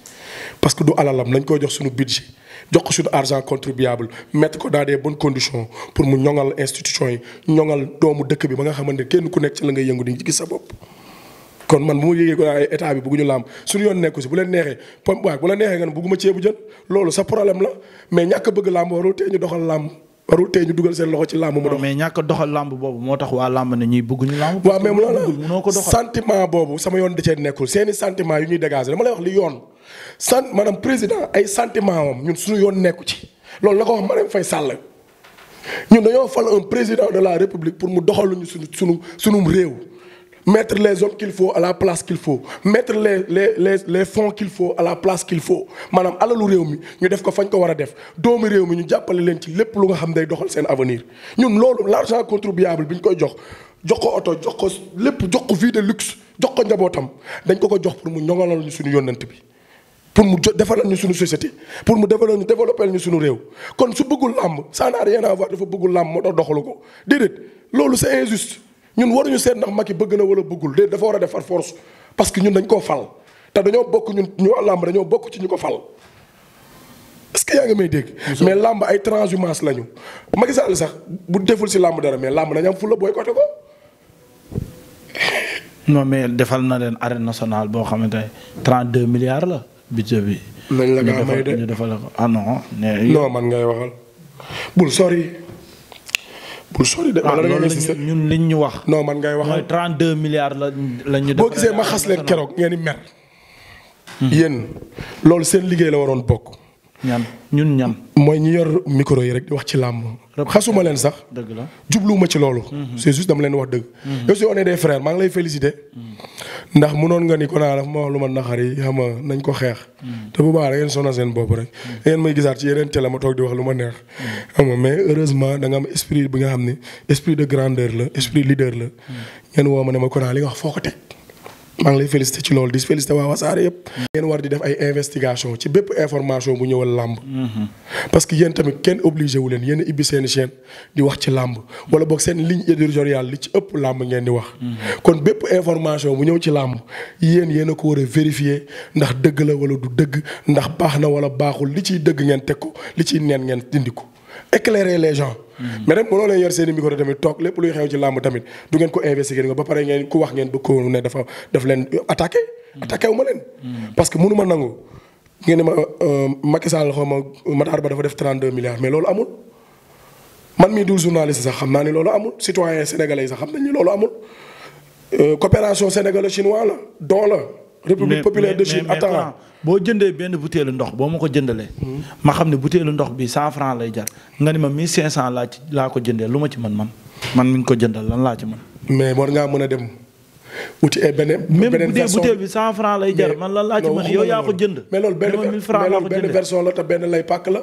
parce que du alalam lañ koy jox suñu budget jox ko suñu argent contribuable mettre ko dans des bonnes conditions pour mu ñoŋal institution yi ñoŋal doomu dëkk bi ba nga xamante ne kenn ku nekk ci la ngay yëngu di nga gis sa bopp. kon man bu ma yëgee ko ay état bi bëgguñu laam suñu yoon nekku si bu leen neexee pom waaye bu la neexee nga ne bëgguma ceebu jën loolu sa problème la mais ñàkk bëgg laam waroo tee ñu doxal laam. warul tey ñu dugal seen loxo ci làmb mu dox mais ñàkk doxal làmb boobu moo tax waa làmb ne ñuy bëgg ñu làmb waaw mais munoo ko doxal boobu sama yoon da cee nekkul seeni sentiment yu ñuy dégager dama lay wax li yoon sant maanaam président ay sentiment am ñun suñu yoon nekku ci loolu la ko wax Marème Faye Sall ñun dañoo fal un président de la république pour mu doxaluñu suñu suñu sunum réew mettre les hommes qu'il faut la place qu'il faut mettre les les les les fonds qu'il faut la place qu'il faut maanaam alalu réew mi ñu def ko fañ ko war a def doomu réew mi ñu jàppale leen ci lépp lu nga xam day doxal seen avenir ñun loolu l'argent contribuable bi ñu koy jox jox ko oto jox ko lépp jox ko vie de luxe jox ko njabootam dañ ko ko jox pour mu ñoŋalal ñu suñu yónnent bi pour mu jo defaral ñu suñu société pour mu defaral ñu développer ñu suñu réew kon su bëggul làmb ça n'a rien à voir dafa bëggul làmb moo tax ko déedéet loolu c'est injuste ñun waruñu seet ndax yi bëgg na wala bëggul déet dafa war a def par force parce que ñun dañ koo fal te dañoo bokk ñun ñu làmb dañoo bokk ci ñu ko fal. parce que yaa ngi may dégg. mais làmb ay transhumance lañu. Macky Sall sax bu deful si làmb dara mais làmb dañu am fulla boycotté ko. non mais defal na leen arène nationale boo xamante ne 32 milliards la budget bi. nañ la gaa may de ñu defal ko ah non. non man ngay waxal bul pour sori ah, ñun liñ ñu wax. non man ngay wax mooy 32 milliards la la ñu. boo gisee ma xas leen keroog ngeen di mer. yéen loolu seen liggéey la waroon bokk. ñan ñun ñan. mooy ñu yor micro yi rek di wax ci làmb. xasuma leen sax. dëgg la jubluwuma ci loolu. Mhm. c'est juste dama leen wax dëgg. Mhm. yow si on est des maa ngi lay féliciter. Mhm. ndax mënoon nga ni ko naa daf ma wax lu ma naxar yi xam nga nañ ko xeex. Mm. te bu baax da ngeen sonal seen boobu rek. da mm. ngeen may gisaat ci yeneen télé ma toog di wax lu ma neex. Mm. xam nga mais heureusement da nga am esprit bi nga xam ne esprit de grandeur la esprit leader la. ngeen woo ma ne ma ko naa li nga wax foo ko teg. maa lay félicité ci loolu di félicité waa wasaare yëpp. ngeen war di def ay investigation ci bépp information bu ñëwal làmb. Mhm. parce que yéen tamit kenn obligé wu leen yéen ibbi seen di wax ci làmb wala boog seen ligne éditoriale li ci ëpp làmb ngeen di wax. Mhm. kon bépp information bu ñëw ci làmb yéen yéen a ko war a vérifier ndax dëgg la wala du dëgg ndax baax na wala baaxul li ciy dëgg ngeen teg ko li ciy neen ngeen dindi ko éclairer les gens. mais rek mënoo leen yor seen i micro tamit toog lépp luy xew ci làmb tamit du ngeen ko investiguer nga ba pare ngeen ku wax ngeen bëgg ko ne dafa daf leen attaqué. attaqué wu ma leen. parce que ma nangu ngeen ne ma euh, Macky Sall xaw Ba dafa def 32 milliards mais loolu amul. man mii dul journaliste sax xam naa ni loolu amul citoyen sénégalais yi sax xam nañ loolu amul euh, coopération sénégalo-chinois la don la république populaire de Chine attends boo jëndee benn butéelu ndox boo ma ko jëndalee. ma xam ne butéelu ndox bi cent franc lay jar nga ni ma mille cinq cent laa laa ko jëndee lu ma ci mën man man mi ko jëndal lan laa ci mën. mais war ngaa mën a dem. uti ay beneen beneen version même butéel bi cent franc lay jar lan laa ci mën yow yaa ko jënd. mais loolu benn version la te benn lay pàkk la.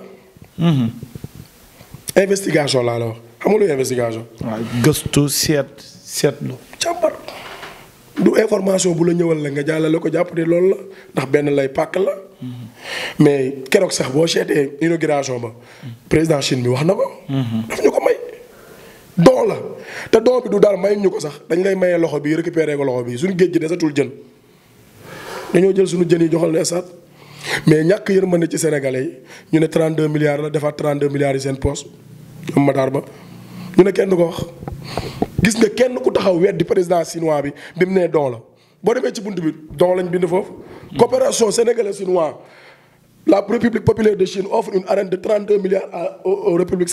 Mhm. investigation laa la wax xam investigation. waaw gëstu seet seetlu càmbar. du information bu la ñëwal la nga jàllale ko jàpp ne loolu la ndax benn lay pàkk la mais keroog sax boo seetee inauguration ba président Chine bi wax na ko. daf ñu ko may doo la te don bi du daal mayuñ ñu ko sax dañ lay mayee loxo bii récupéré ko loxo bii suñu géej gi desatul jën dañoo jël suñu jën yi joxal ne saat mais ñàkk yër yërmande ci sénégalais ñu ne 32 milliards la defaat 32 milliards yi seen poche ñoom Matar Ba. ñu ne kenn ko wax gis nga kenn ku taxaw weddi président chinois bi bi mu nee don la boo demee ci bunt bi don lañ bind foofu. coopération sénégalaise chinois la république populaire de Chine offre une arène de 32 milliards à au république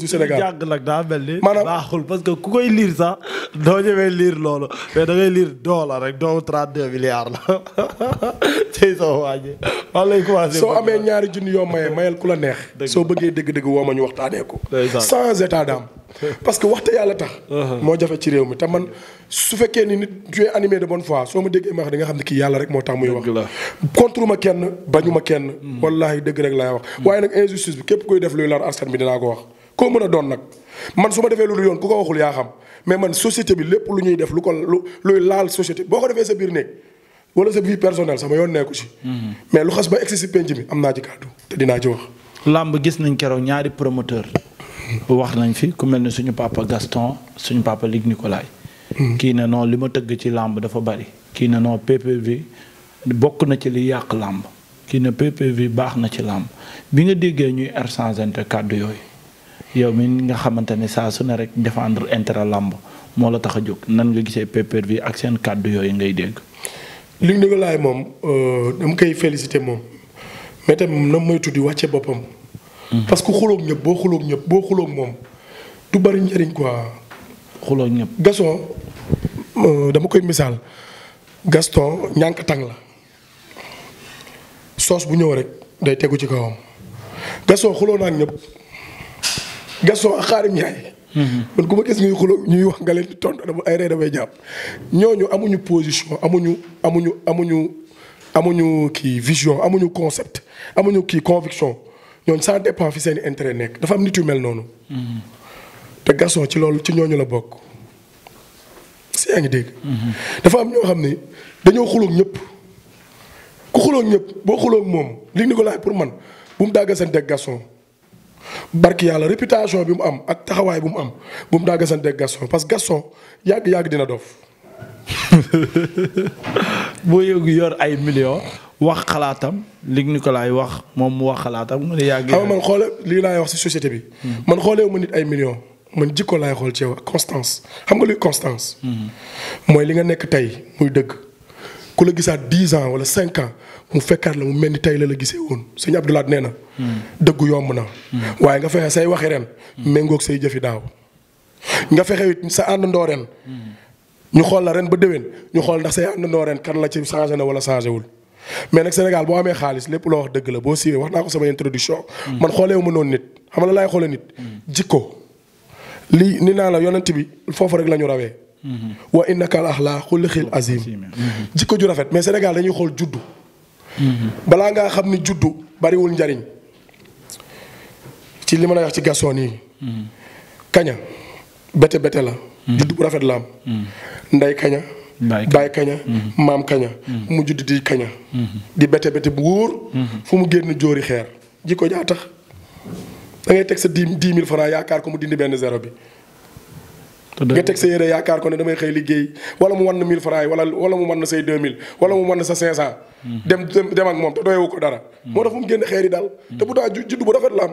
du Sénégal. jàng nag daa mel ni. maanaam baaxul parce que ku koy liir sax doo ñëwee liir loolu mais da ngay liir don la rek doomu 32 milliards la. tey waa ji soo amee ñaari junni yoo maye mayal ku la neex. soo bëggee dégg dëgg woo ma ñu waxtaanee ko. sans état d'âme parce que waxte yàlla tax. Uh-huh. moo jafe ci réew mi te man su fekkee ni nit tu es animé de bonne foi soo ma déggee ma wax nga xam ne kii yàlla rek moo tax muy wax. contre ma kenn bañu ma kenn. Hmm. wallaahi dégg rek laay wax. Hmm. waaye nag injustice bi képp kuy def luy lar askan bi dinaa ko wax. koo mën a doon nag man su ma defee loolu yoon ku ko waxul yaa xam mais man société bi lépp lu ñuy def lu ko lu laal société boo ko defee sa biir néeg wala sa vie personnelle sama yoon nekku ci. Mhm. mais lu xas ba egsi si penc mi am naa ci kàddu te dinaa ci wax. làmb gis nañ keroog ñaari promoteur mhm. wax nañ fi ku mel ne suñu papa Gaston suñu papa Ligue Nicolas. Mhm. kii ne non li ma tëgg ci làmb dafa bari. kii ne non PPV bokk na ci li yàq làmb. kii ne PPV baax na ci làmb bi nga déggee ñuy échanger kàddu yooyu yow mi nga xamante ne saa su ne rek défendre intérêt làmb moo la tax a jóg nan nga gisee PPV ak seen kàddu yooyu ngay dégg. Luc Nicolaï moom euh, dama koy félicité moom mais tamit na moytu di wàcce boppam. Hmm. parce que xuloog ñëpp boo xuloog ñëpp boo xuloog moom du bari njëriñ quoi. xuloog ñëpp gasoo euh, dama koy misaal gastoo ñànk tàng la soos bu ñëw rek day tegu ci kawam Gaston xuloo naa ak ñëpp Gaston ak Xaadim Njaay Mm-hmm. man ku ma gis ngay xulo ñuy wax nga leen ton tontu dama ay ree damay jàpp ñooñu amuñu position amuñu amuñu amuñu amuñu kii vision amuñu concept amuñu kii conviction ñooñu ça dépend fi seen intere nekk dafa am nit yu mel noonu. Mm-hmm. te Gaston ci loolu ci ñooñu la bokk si yaa ngi dégg. Mm-hmm. dafa am ñoo xam ne dañoo xuloog ñëpp ku xuloog ñëpp boo xuloog moom li ni ko laaj pour man bu mu seen ak gason barki yàlla réputation bi mu am ak taxawaay bu mu am bu mu daa gasanteeg Gaston parce que Gaston yàgg yàgg dina dof. boo yëgu yor ay millions wax xalaatam li ñu ko laay wax moom mu wax xalaatam yàgg. xam xoole lii laay wax ci société bi. Hmm. man xooleewu ma nit ay millions man laay xool ci yow xam nga luy constance. Hmm. mooy li nga nekk tey muy dëgg. ku la gisaat dix ans wala cinq ans mu fekkaat la mu mel ni tey la la gisee woon sëñ Abdoulaat nee na. dëggu yomb na. waaye nga fexe say waxi ren. méngoog say jëfi daaw. nga fexe it sa àndandoo ren. ñu xool la ren ba deween ñu xool ndax say àndandoo ren kan la ci changé na wala changé wul. mais nag Sénégal boo amee xaalis lépp loo wax dëgg la boo siiwee wax naa ko sama introduction. man xoolee wu ma nit xam la laay xoole nit. jikko lii ni naa la yonent bi foofu rek la ñu rawee. Mm-hmm. wa innaka al axlaa xulli xil azim. rafet mais Sénégal dañuy xool juddu. balaa ngaa xam ni juddu bariwul njariñ ci li ma wax ci Gaston yi kaña bete bete la juddu bu rafet la ndey kaña baay kaña maam kaña mu judd di kaña di bete bete bu wóor fu mu génn jóori xeer jikko ko jaa tax da ngay teg sa dix dix mille yaakaar ko mu dindi benn zéro bi nga teg sa yére yaakaar ko ne damay xëy liggéey wala mu wan na 1000 francs yi wala wala mu wan na say 2000 wala mu wan na sa 500. Mhm. dem dem ak moom te doyewu ko dara. Mhm. moo tax fu mu génn xeer yi daal. te bu taa juddu bu rafet la am.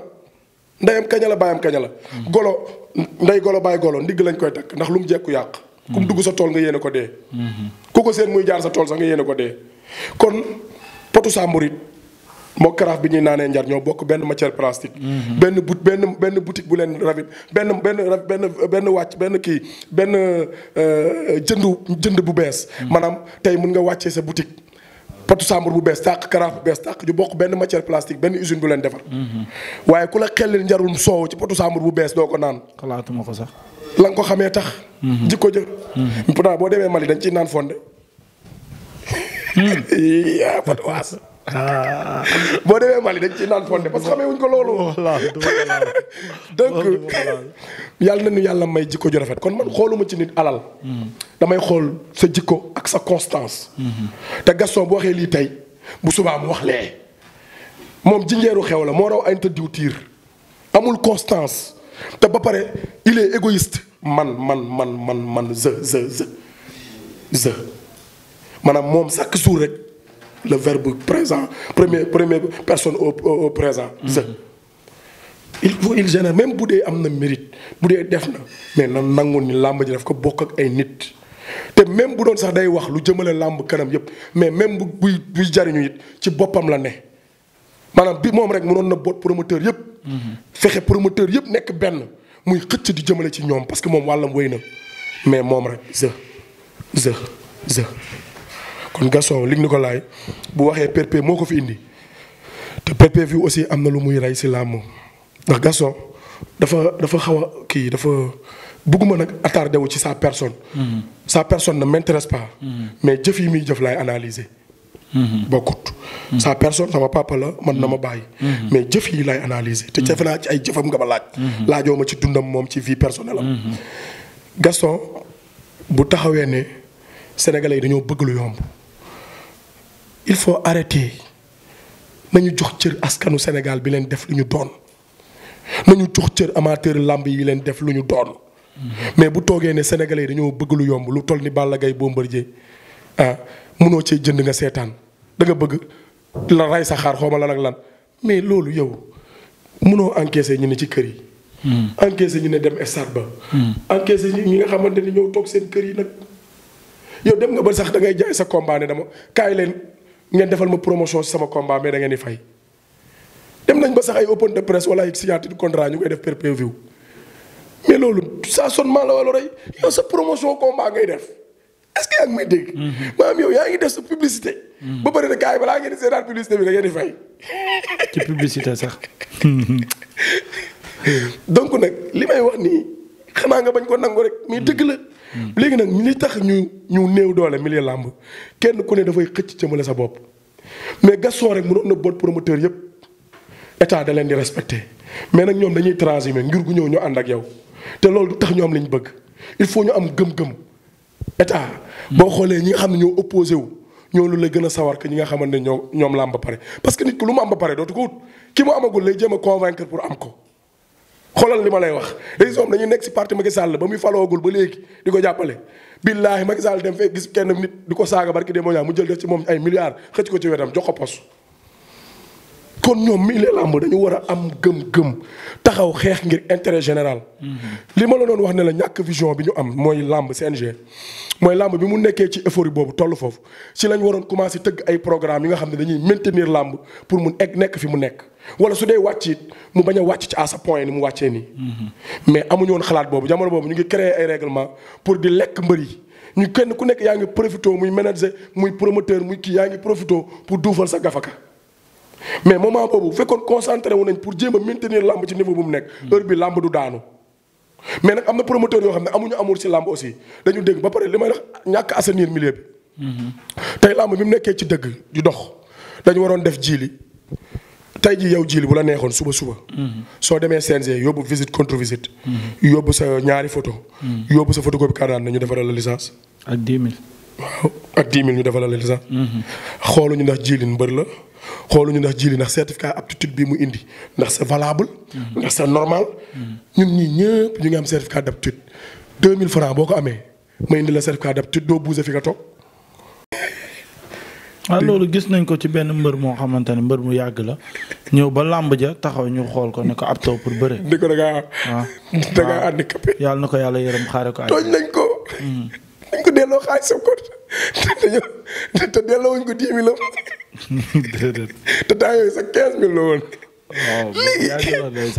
ndeyam kaña la baayam kaña la. Mhm. golo ndey golo baay golo ndigg lañ koy takk ndax lu mu jekku yàq. ku mu dugg sa tool nga yéene ko dee. ku ko seen muy jaar sa tool sax nga yéene ko dee. kon potu saa it moo karaaf bi ñuy naanee njar ñoo bokk benn matière plastique. Mhm. benn but benn benn boutique bu leen rabit benn benn benn benn wàcc benn kii benn euh, jënd jënd bu bees. Mhm. maanaam tey mun nga wàccee sa boutique. potu sàmbur bu bees tàq karaaf bu bees tàq ñu bokk benn matière plastique benn usine bu leen defar. Mhm. waaye ku la xel njarum soow ci potu sàmbur bu bees doo ko naan. xalaatuma ko sax. la nga ko xamee tax. jikko jë. pourtant boo demee Mali dañ ciy naan fonde. Hmm. yaa Ah. boo demee Mali dañ ci naan fonde parce que xamee wuñ ko loolu. donc yàlla na nu yàlla may jikko ju rafet kon man xooluma ci nit alal. Mm-hmm. damay xool sa jikko ak sa constance. Mm-hmm. te Gaston bu waxee lii tey bu subaa mu wax lee moom jinjeeru xew la moo raw ay tëddiw amul constance te ba pare il est man man man man man je je je maanaam moom chaque jour rek. le verbe présent premier première personne au au présent. je mhm. il faut il génère même bu dee am na mérite bu dee def na mais nan nangu ni làmb ji daf ko bokk ak ay nit. te même bu doon sax day wax lu jëmale làmb kanam yëpp mais même bu buy buy jariñu it ci boppam la ne maanaam bi moom rek mënoon na boot promoteur yëpp. Mhm. fexe promoteur yëpp nekk benn muy xëcc di jëmale ci ñoom parce que moom wàllam wéy na mais moom rek kon Gaston Luc Nicolaï bu waxee perpé moo ko fi indi te perpé fi aussi am na lu muy rey si làmb ndax Gaston dafa dafa xawa a kii dafa bëgguma nag attardé wu ci sa personne. Mm-hmm. sa personne ne m'intéresse pas. Mm-hmm. mais jëf yi muy jëf laay analyser. Mm-hmm. bokkut. sa personne sama papa la man na ma bàyyi. mais jëf yi laay analyser. te jafe naa ci ay jëfam nga ba laaj. laajoo ma ci dundam moom ci vie personnelle am. Gaston bu taxawee ne sénégalais yi dañoo bëgg lu yomb. il faut arrêter nañu jox cër askanu Sénégal bi leen def lu ñu doon nañu jox cër amateur làmb yi leen def lu ñu doon. mais bu toogee ne sénégalais yi dañoo bëgg lu yomb lu toll ni Balla Gaye Bombardier ah munoo cee jënd nga seetaan da nga bëgg la ray sa xaar xaw ma lan ak lan mais loolu yow munoo encaissé ñu ne ci kër yi. yi hmm. ñu ne dem stade ba. Hmm. encaissé ñi nga xamante ni ñëw toog seen kër yi nag. yow dem nga ba sax da ngay jaay sa combat ne dama ka leen. ngeen defal ma promotion si sama combat mais da di fay. dem nañ ba sax ay open de presse wala ay signature contrat ñu koy def pay-per-view mais loolu ça sonne mal à l'oreille yow sa promotion combat ngay def est-ce que yaa ngi may dégg. maanaam mm-hmm. yow yaa ngi def sa publicité. Mm-hmm. ba bëri na gars yi balaa ngeen di seetaan publicité bi da ngeen di fay. ci publicité sax. donc nag li may wax nii xanaa nga bañ ko nangu rek mais dégg la. Mm. léegi nag li tax ñu ñu néew doole milieu làmb kenn ku ne dafay xëcc jëmale sa bopp mais Gaston rek mu mënoon na bon promoteur yëpp état da leen di respecté mais nag ñoom dañuy transhumé ngir gu ñëw ñu ànd ak yow te loolu du tax ñu am li ñu bëgg il faut ñu am gëm-gëm état. boo xoolee ñi nga xam ne ñoo opposé wu ñoo lu la gën a sawar ñi nga xamante ne ñoo ñoom làmb ba pare parce que nit ku lu mu am ba pare dootu ko wut ki mu amagul lay jéem a convaincre pour am ko. xoolal li ma lay wax dañu dañuy dañu nekk si parti Macky Sall ba muy gul ba léegi di ko jàppale billaahi Macky Sall dem fee gis kenn nit di ko saaga barki dee moo ñaa mu jël def ay milliards xëcc ko ci wetam jox ko pos kon ñoom mii làmb dañu war a am gëm-gëm taxaw xeex ngir intérêt général mm-hmm. li ma la doon wax ne la ñàkk vision bi ñu am mooy làmb CNG mooy làmb bi mu nekkee ci effort boobu toll foofu si lañ waroon commencé tëgg ay programme yi nga xam ne dañuy maintenir làmb pour mu egg nekk fi mu nekk wala su dee wàcc it mu bañ wàcc ci à sa point ni mu wàccee nii. Mm-hmm. mais amuñu woon xalaat boobu jamono boobu ñu ngi créer ay règlement pour di lekk mbër yi ñu kenn ku nekk yaa ngi profité muy manager muy promoteur muy kii yaa ngi profité pour duufal sa gafaka. mais moment boobu fekkoon concentré wu nañ pour jéem a maintenir làmb ci niveau bu mu nekk. Mm-hmm. heure bi làmb du daanu. mais nag am na promoteur yoo xam ne amuñu amul si làmb aussi dañu dégg ba pare li ñàkk a assainir milieu bi. Mm-hmm. tey làmb bi mu nekkee ci dëgg di dox dañu waroon def jiili. tey jii yow jii bu la neexoon suba suba. soo demee CNG yóbbu visite contre visite. yóbbu sa ñaari photo yóbbu sa photocopie carte na ñu defaral la licence. ak 10 000. waaw ak 10 000 ñu defaral la licence. xooluñu ndax jii mbër la xooluñu ndax jii ndax certificat aptitude bii mu indi ndax sa valable. ndax c'est normal. ñun ñii ñëpp ñu ngi am certificat d'aptitude 2000 francs boo ko amee ma indi la certificat d'aptitude doo bouger fi nga waaw ah, loolu gis nañ ko ci benn mbër moo xamante ne mbër mu yàgg la ñëw ba làmb ja taxaw ñu xool ko ne ko ab taw pour bëre. di ko da ngaa. Ah. Ah. yàlla na ko yàlla yërëm xaare ko. tooñ nañ ko. dañ hmm. ko delloo xaalisam ko te te delloo wuñ sax quinze mille la woon.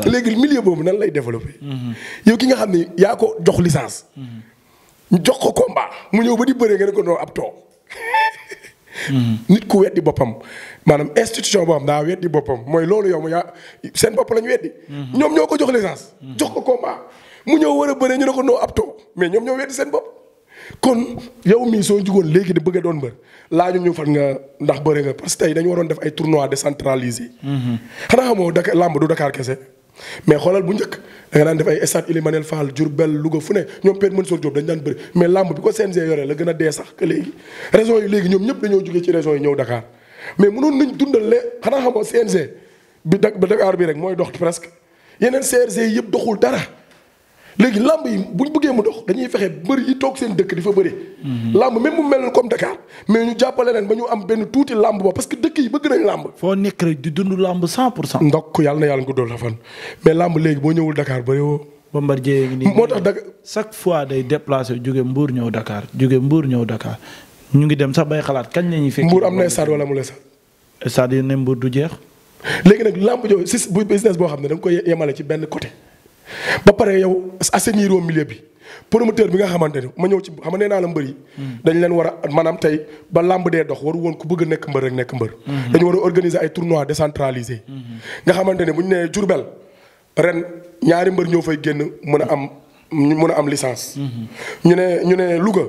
léegi léegi boobu nan lay développé. Hmm. yow ki nga xam ni yaa ko jox licence. Hmm. jox ko combat mu ñëw ba di bëree nga ne ko noonu ab taw. Mm-hmm. nit ku weddi boppam maanaam institution boo xam daa weddi boppam mooy loolu yow yaa seen bopp la ñu weddi. Mm-hmm. ñoom ñoo ko jox licence. Mm-hmm. jox ko combat mu ñëw war a bëre ñu ne ko noo ab taw mais ñoom ñoo weddi seen bopp. kon yow mii soo jugoon léegi di bëggee doon bër laaju ñu fan nga ndax bëri nga parce que tey dañu waroon def ay tournois décentralisés. xanaa xamoo Dakar làmb du Dakar kese. mais xoolal bu njëkk da nga daan def ay stade Ilimanel Fall Diourbel Louga fu ne ñoom Père Mansour Diop dañ daan bëri mais làmb bi ko CNG yore la gën a dee sax que léegi régions yi léegi ñoom ñëpp dañoo jógee ci régions yi ñëw Dakar mais mënoon nañ dundal lee xanaa xamoo CNG bi Dakar bi rek mooy dox presque yeneen CRG yëpp doxul dara léegi làmb yi buñ bëggee mu dox dañuy fexe bëri yi toog seen dëkk di fa bëri. Mhm. lamb même mu melul comme Dakar mais ñu jàppale leen ba ñu am benn tuuti lamb ba parce que dëkk yi bëgg nañ lamb. foo nekk rek di dund lamb 100 pour cent. ndokk yàlla na yàlla nga doon la mais lamb léegi boo ñëwul Dakar bëri woo. Bombardier ngi nii moo tax Dakar chaque fois day déplacé jóge Mbour ñëw Dakar jóge Mbour ñëw Dakar ñu ngi dem sax bay xalaat kañ la ñuy fekk. Mbour am na stade wala mu la sax. stade ne Mbour du jeex. léegi nag lamb jooju si business boo xam ne da nga koy yemale ci benn côté ba pare yow assainir au milieu bi promoteur bi nga xamante ne ma ñëw ci xam ne naa la mbër yi. Hmm. dañ leen war a maanaam tey ba làmb dee dox waru woon ku bëgg nekk mbër rek nekk mbër. Hmm. dañu war a organiser ay tournois décentralisé. Hmm. nga xamante ne bu ñu nee Jurbel ren ñaari mbër ñoo fay génn mën a am mën a am licence. ñu ne ñu ne Louga.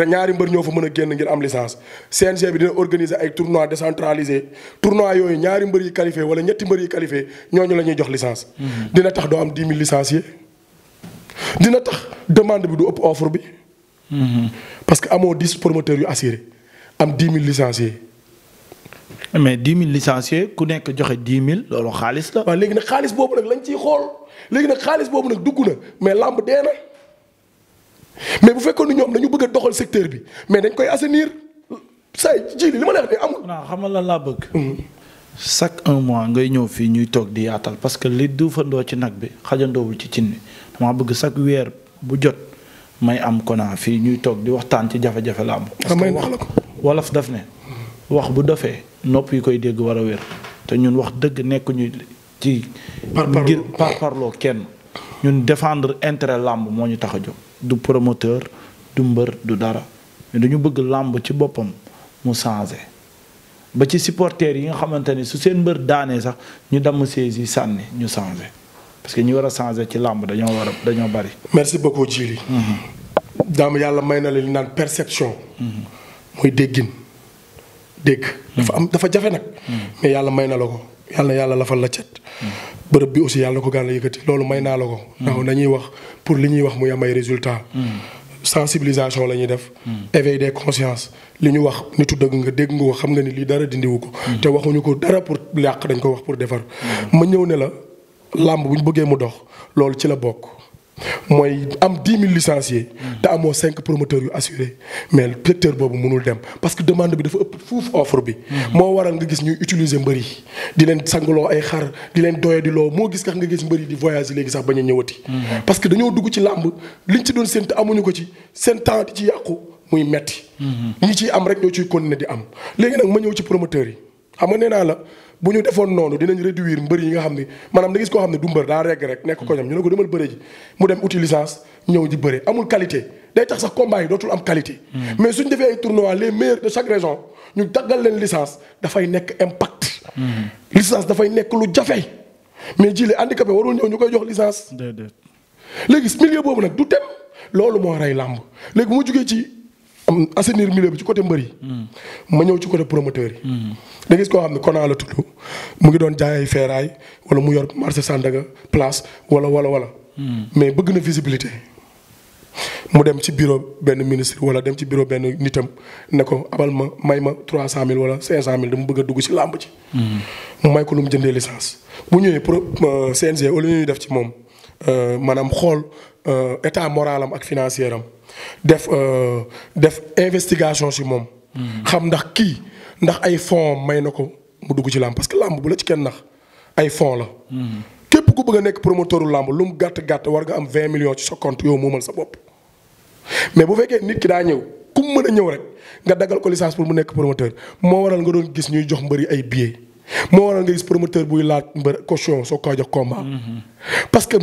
ñaari mbër ñoo fa mën a génn ngir am licence CNG bi dina organiser ay tournois décentralisé tournois yooyu ñaari mbër yi qualifié wala ñetti mbër yi qualifié ñooñu la ñuy jox licence. dina tax doo am 10 000 licenciés dina tax demande bi du ëpp offre bi. parce que amoo 10 promoteurs yu assuré am 10 000 licenciés. mais 10 000 licenciés ku nekk joxe 10 000 loolu xaalis la. waaw léegi nag xaalis boobu nag lañ ciy xool léegi nag xaalis boobu nag dugg na mais làmb dee na mais bu fekkoon ne ñoom dañu bëgg a doxal secteur bi mais dañ koy assainir saa ji li ma la wax de amul. waaw xamal laa bëgg. Mm. chaque un mois ngay ñëw fii ñuy toog di yaatal parce que li duufandoo ci nag bi xajandoowul ci cin bi damaa bëgg chaque weer bu jot may am kona fii ñuy toog di waxtaan ci jafe-jafe la am. parce wax la ko wolof daf ne. wax bu dofee nopp yi koy dégg war a wér te ñun wax dëgg nekkuñu ci. ngir par parloo kenn ñun defendre intérêt làmb moo ñu tax a jóg. du promoteur du mbër du dara mais dañu bëgg làmb ci boppam mu changé ba ci supporters yi nga xamante ni su seen mbër daanee sax ñu damm saisi sànni ñu changé parce que ñi war a changé ci làmb dañoo war dañoo bari. merci beaucoup Djily. Mhm. daam yàlla may na la li naan perception. Mhm. muy déggin dégg. Mhm. dafa am dafa jafe nag. mais yàlla may na la ko yàlla yàlla lafal la cet. bërëb bi aussi yàlla na ko gàlla yëkkati loolu may naa la ko hmm. ndax nañuy wax pour li ñuy wax muy am ay résultat hmm. sensibilisation la ñuy def hmm. éveil des consciences li ñu wax nitu dëgg nga dégg nga ko xam nga ni lii dara dindiwu ko te waxuñu ko dara pour yàq dañ ko wax pour defar ma ñëw ne la làmb bu ñu bëggee mu dox loolu ci la bokk mooy am dix mille licenciés. te amoo cinq promoteurs yu assurés mais secteur boobu mënul dem parce que demande bi dafa ëpp fuuf offre bi. moo waral nga gis ñuy utiliser mbër yi di leen sanguloo ay xar di leen doyadi loo moo gis nga gis mbëri yi di voyage léegi sax bañ a ñëwati. Mm-hmm. parce que dañoo dugg ci làmb liñ ci doon seen amuñu ko ci seen temps ci yàqu muy metti mm-hmm. ñi ciy am rek ñoo ciy continuer di am léegi nag ma ñëw ci promoteurs yi xam nga nee naa la. bu ñu defoon noonu dinañ réduire mbër yi nga xam ne maanaam da gis koo xam ne du mbër daa regg rek nekk ko ñu ne ko demal bëre ji mu dem uti licence ñëw ji bëre amul qualité day tax sax combat dootul am qualité hmm. mais suñ defee ay tournoi les meilleurs de chaque région ñu daggal leen licence dafay nekk impact hmm. licence dafay nekk lu jafe mais jile handicapé warul ñëw ñu koy jox licence léegi milieu boobu nag du tem loolu moo rey làmb léegi mu jugee ci am milo bi ci côté mbër yi. Mm. ma ñëw ci côté promoteur yi. Mm. da gis koo xam ne Kona la tudd mu ngi doon jaay ay feeraay wala mu yor marché Sandaga place wala wala wala. Mm. mais bëgg na visibilité. mu dem ci bureau benn ministre wala dem ci bureau benn nitam ne ko abal ma may ma trois cent mille wala cinq cent mille dama bëgg a dugg ci làmb ji. mu may ko lu mu jëndee licence. bu ñëwee pro euh, CNG au lieu ñuy def ci moom euh, maanaam xool euh, état moral ak financier am. def euh, def investigation si moom. Mm-hmm. xam ndax kii ndax ay fonds may na ko mu dugg ci làmb parce que làmb bu la ci kenn nax ay fonds la. Mm-hmm. képp ku bëgg a nekk promoteuru làmb lu mu gàtt gàtt war nga am vingt millions ci sa compte yow moomal sa bopp. mais bu fekkee nit ki daa ñëw ku mu mën a ñëw rek nga dagal ko licence pour mu nekk promoteur moo waral nga doon gis ñuy jox mbëri ay billets. moo waral nga gis promoteur buy laaj mbër caution soo ko jox combat. Mm-hmm. parce que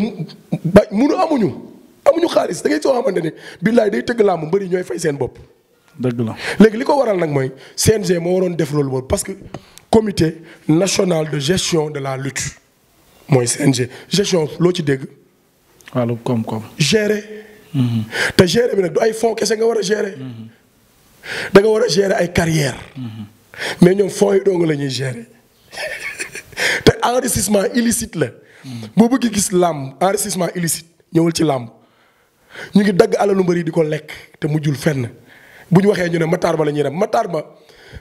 ba munu amuñu. amuñu xaalis da ngay soo xamante ne billaay day tëgg làmb mbëri ñooy fay seen bopp. dëgg la léegi li ko waral nag mooy CNG moo waroon def rôle boobu que comité national de gestion de la lutte mooy CNG gestion loo ci dégg. wàllu koom-koom. Mhm. te gérer bi nag du ay fonds kese nga war a gérer. Mhm. da war a gérer ay carrière mhm. mais ñoom fonds doo dong la ñuy gérer te enrichissement illicite la. boo bëgg gis làmb enrichissement illicite ñëwul ci làmb. ñu ngi dagg alalu mbëri di ko lekk te mu jul fenn bu ñu waxee ñu ne Matar Ba la ñuy dem Matar Ba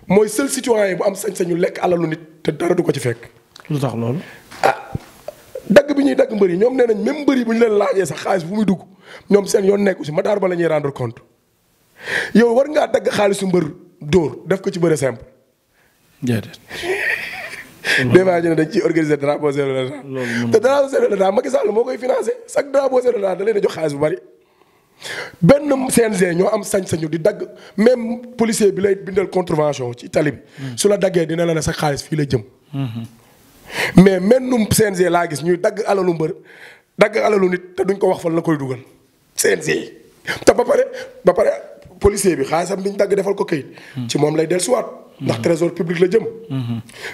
mooy seul citoyen bu am sañ-sañu lekk alalu nit te dara du ko ci fekk. lu tax loolu. ah dagg bi ñuy dagg mbëri ñoom nee nañ même mbëri bu ñu leen laajee sax xaalis bu muy dugg ñoom seen yoon nekku si mataar Ba la ñuy rendre compte yow war ngaa dagg xaalisu mbër dóor def ko ci bëre simple. déedéet. loolu la ñu ne dañ ciy organiser drapeau zéro l'État. loolu moom te drapeau moo koy financé chaque drapeau zéro l'État da leen a xaalis bu bari. benn CNG ñoo am sañ-sañu di dagg même policier bi lay bindal contravention ci tali bi. Hmm. su la daggee dina la ne sa xaalis fii la jëm. Hmm. mais mennum CNG laa gis ñuy dagg alalu mbër dagg alalu te duñ ko wax fan la koy dugal CNG yi te ba pare ba pare policier bi xaalisam bi ñu dagg defal ko këyit. Hmm. ci moom lay dellusiwaat. ndax trésor public la jëm.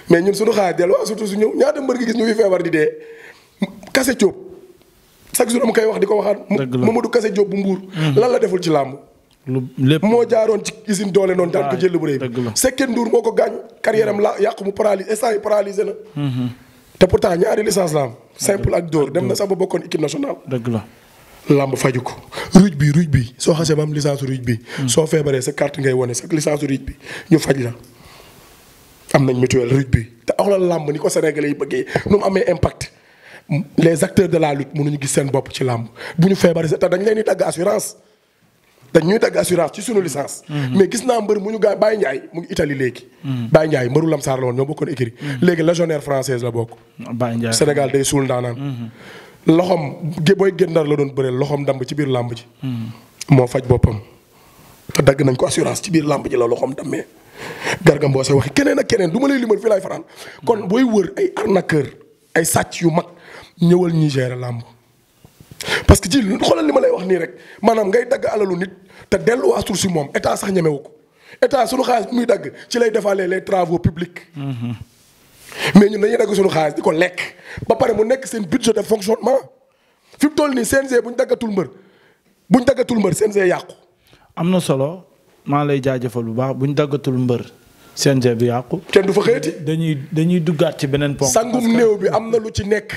mais ñun suñu xaalis delluwaat surtout su ñëw ñaata mbër gi gis ñu fi feebar di dee kase cóob. chaque jour dama koy wax di ko waxaat. dëgg la Mamadou Kassé Diop bu Mbour. Mm-hmm. lan la deful ci làmb. lu lépp moo jaaroon ci usine doole noonu. daan ko jël bu rëy Sekke Ndour moo ko gaañ. carrière am la mm-hmm. yàqu mu paralysé instant yi paralysé na. Mm-hmm. te pourtant ñaari licence la am. simple ak dóor dem na sax ba bokkoon équipe nationale. dëgg la. làmb faju ko ruj bi ruj bi soo xasee ba am licence bi. Mm. soo feebaree sa carte ngay wane sa licence ruj bi ñu faj la. am nañ mutuelle ruj bi te wax la làmb ni ko Sénégalais yi amee impact. les acteurs de la lutte ñu gis seen bopp ci làmb bu ñu feebaree te dañ leen di dagg assurance dañ ñuy dagg assurance ci sunu lissance mhm. mais gis naa mbër mu ñu gaa Baye Ndiaye mu ngi Italie léegi. Mhm. Baye Ndiaye mbëru Lamsaar la woon ñoo bokkoon écurie. Mhm. léegi légionnaire française la bokk. Baye Ndiaye Sénégal day suul ndaanaan. loxom booy gëndar la doon bëreel loxom damb ci biir làmb ji. moo faj boppam. te dagg nañ ko assurance ci biir làmb ji la loxom dammee. Garga Mbossé waxi keneen ak keneen du ma lay limal fii laay fanaan kon booy wër ay arnaqueur ay sàcc yu mag. ñëwal ñuy gérer làmb parce que ci xoolal li ma lay wax nii rek maanaam ngay dagg alalu nit te delluwaatul si moom état sax ñemewu ko état suñu xaalis bi muy dagg ci lay defalee les travaux publics. Mm-hmm. mais ñun dañuy dagg suñu xaalis di ko lekk ba pare mu nekk seen budget de fonctionnement fi mu toll nii CNG bu ñu daggatul mbër bu ñu daggatul mbër CNG yàqu. am na solo maa lay jaajëfal bu baax bu ñu daggatul mbër. CNG bi yàqu. kenn du fa xëyati. dañuy dañuy duggaat ci beneen ponk. sangum néew bi am na lu ci nekk.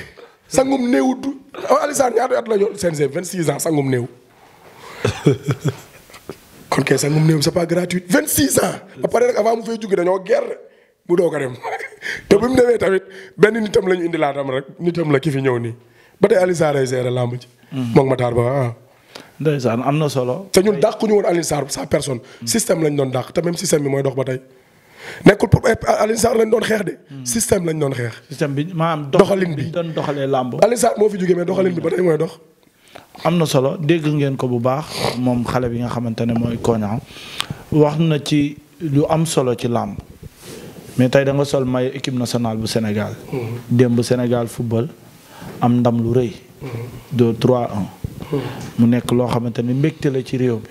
sangum néew du Alioune Sarr ñaata at la ñu CNG 26 ans sangum néew. kon kay sangum néew c'est pas gratuit 26 ans. ba pare nag avant mu fay jóge dañoo guerre mu doog a dem te bi mu demee tamit benn nitam la lañu indi laatam rek nitam la ki fi ñëw nii ba tey Alioune Sarr ay gérer làmb ji. Hmm. moom Ba ah. ndeysaan am na solo. ñu ñun dàqu ñu woon Alioune Sarr sa personne. système lañ doon dàq te même système bi mooy dox ba tey. nekkul pour eh, Alioune Sarr doon xeex de. Hmm. système lañ doon xeex. système bi maanaam doxalin bi doon doxalee làmb. Alioune Sarr moo fi jógee mais doxalin bi ba tey mooy dox. am na solo dégg ngeen ko bu baax moom xale bi nga xamante ne mooy Kogna wax na ci lu am solo ci làmb mais tey da nga sol may équipe bu Sénégal. Hmm. démb Sénégal football am ndam lu rëy. 2 3 1. mu nekk loo xamante ne mbégte la ci réew bi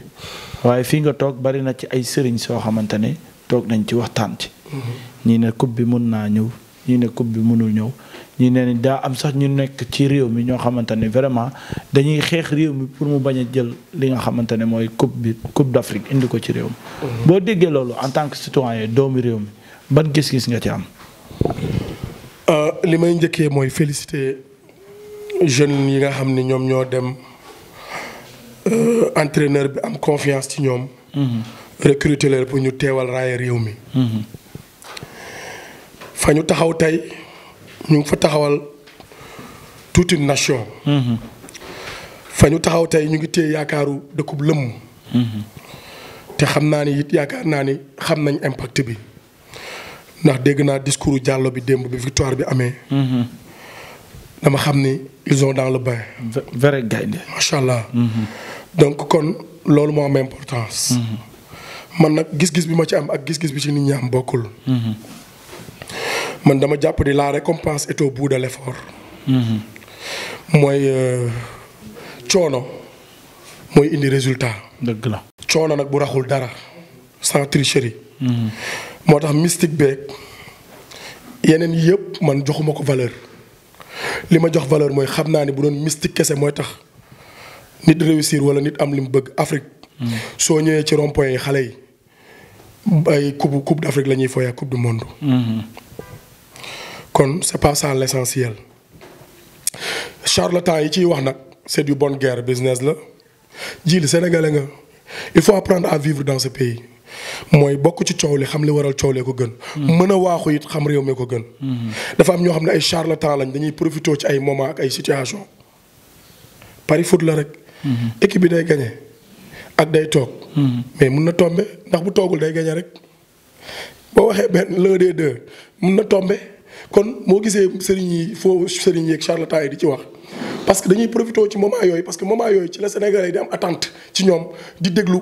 waaye fii nga toog bari na ci ay sëriñ soo xamante ne. toog nañ ci waxtaan ci. Mm-hmm. ñii ne coupe bi mën naa ñëw ñii ne coupe bi mënul ñëw ñii ne daa am sax ñu nekk ci réew mi ñoo xamante ne vraiment dañuy xeex réew mi pour mu bañ a jël li nga xamante ne mooy coupe bi coupe d'Afrique indi ko ci réew mi. Mm-hmm. boo déggee loolu en tant que citoyen doomu réew mi ban gis-gis nga ci am. Euh, li may njëkkee mooy féliciter jeunes yi nga xam ni ñoom ñoo dem euh, entreneur bi am confiance ci ñoom. Mm-hmm. recruter pour ñu teewal raaya réew mi. Mhm. fa ñu taxaw tey ñu ngi fa taxawal toute nation. Mhm. fa ñu taxaw tey ñu ngi téye yaakaaru dëkkub lëmm. Mhm. te xam naa ni it yaakaar naa ni xam nañ impact bi ndax dégg naa discours jàllo bi démb bi victoire bi amee. dama xam ni ils ont dans le bain. vrai gaynde macha allah. donc kon loolu moo am importance. man nag gis-gis bi ma ci am ak gis-gis bi ci nit ñi am bokkul. man dama jàpp di la récompense est au bout de mooy euh, coono mooy indi résultat. dëgg la coono nag bu raxul dara sans moo tax mystique beeg yeneen yëpp man joxuma ko valeur li ma jox valeur mooy xam naa ni bu doon mystique kese mooy tax nit réussir wala nit am li mu bëgg Afrique. soo ñëwee ci rond yi xale yi. ay coupe coupe d' Afrique la ñuy fooy ak coupe du monde. Mm-hmm. kon c' est pas ça l' yi ciy wax nag c' est du bonne guerre business la jiil sénégalais nga il faut apprendre à vivre dans ce pays mooy bokk ci coow li xam li waral coow lee ko gën. Mm-hmm. mën a waaxu it xam réew mi ko gën. Mm-hmm. dafa am ñoo xam ne ay charlatan lañ dañuy profité ci ay moment ak ay situation pari foot la rek. équipe bi day gagné. at day toog. mais mun na tombe ndax bu toogul day gañe rek boo waxee benn l'un des deux mun na tombe kon moo gisee sëriñ yi foo sëriñ yeeg charlatan yi di ci wax. parce que dañuy profité ci moment yooyu parce que moment yooyu ci la Sénégalais di am attente ci ñoom di déglu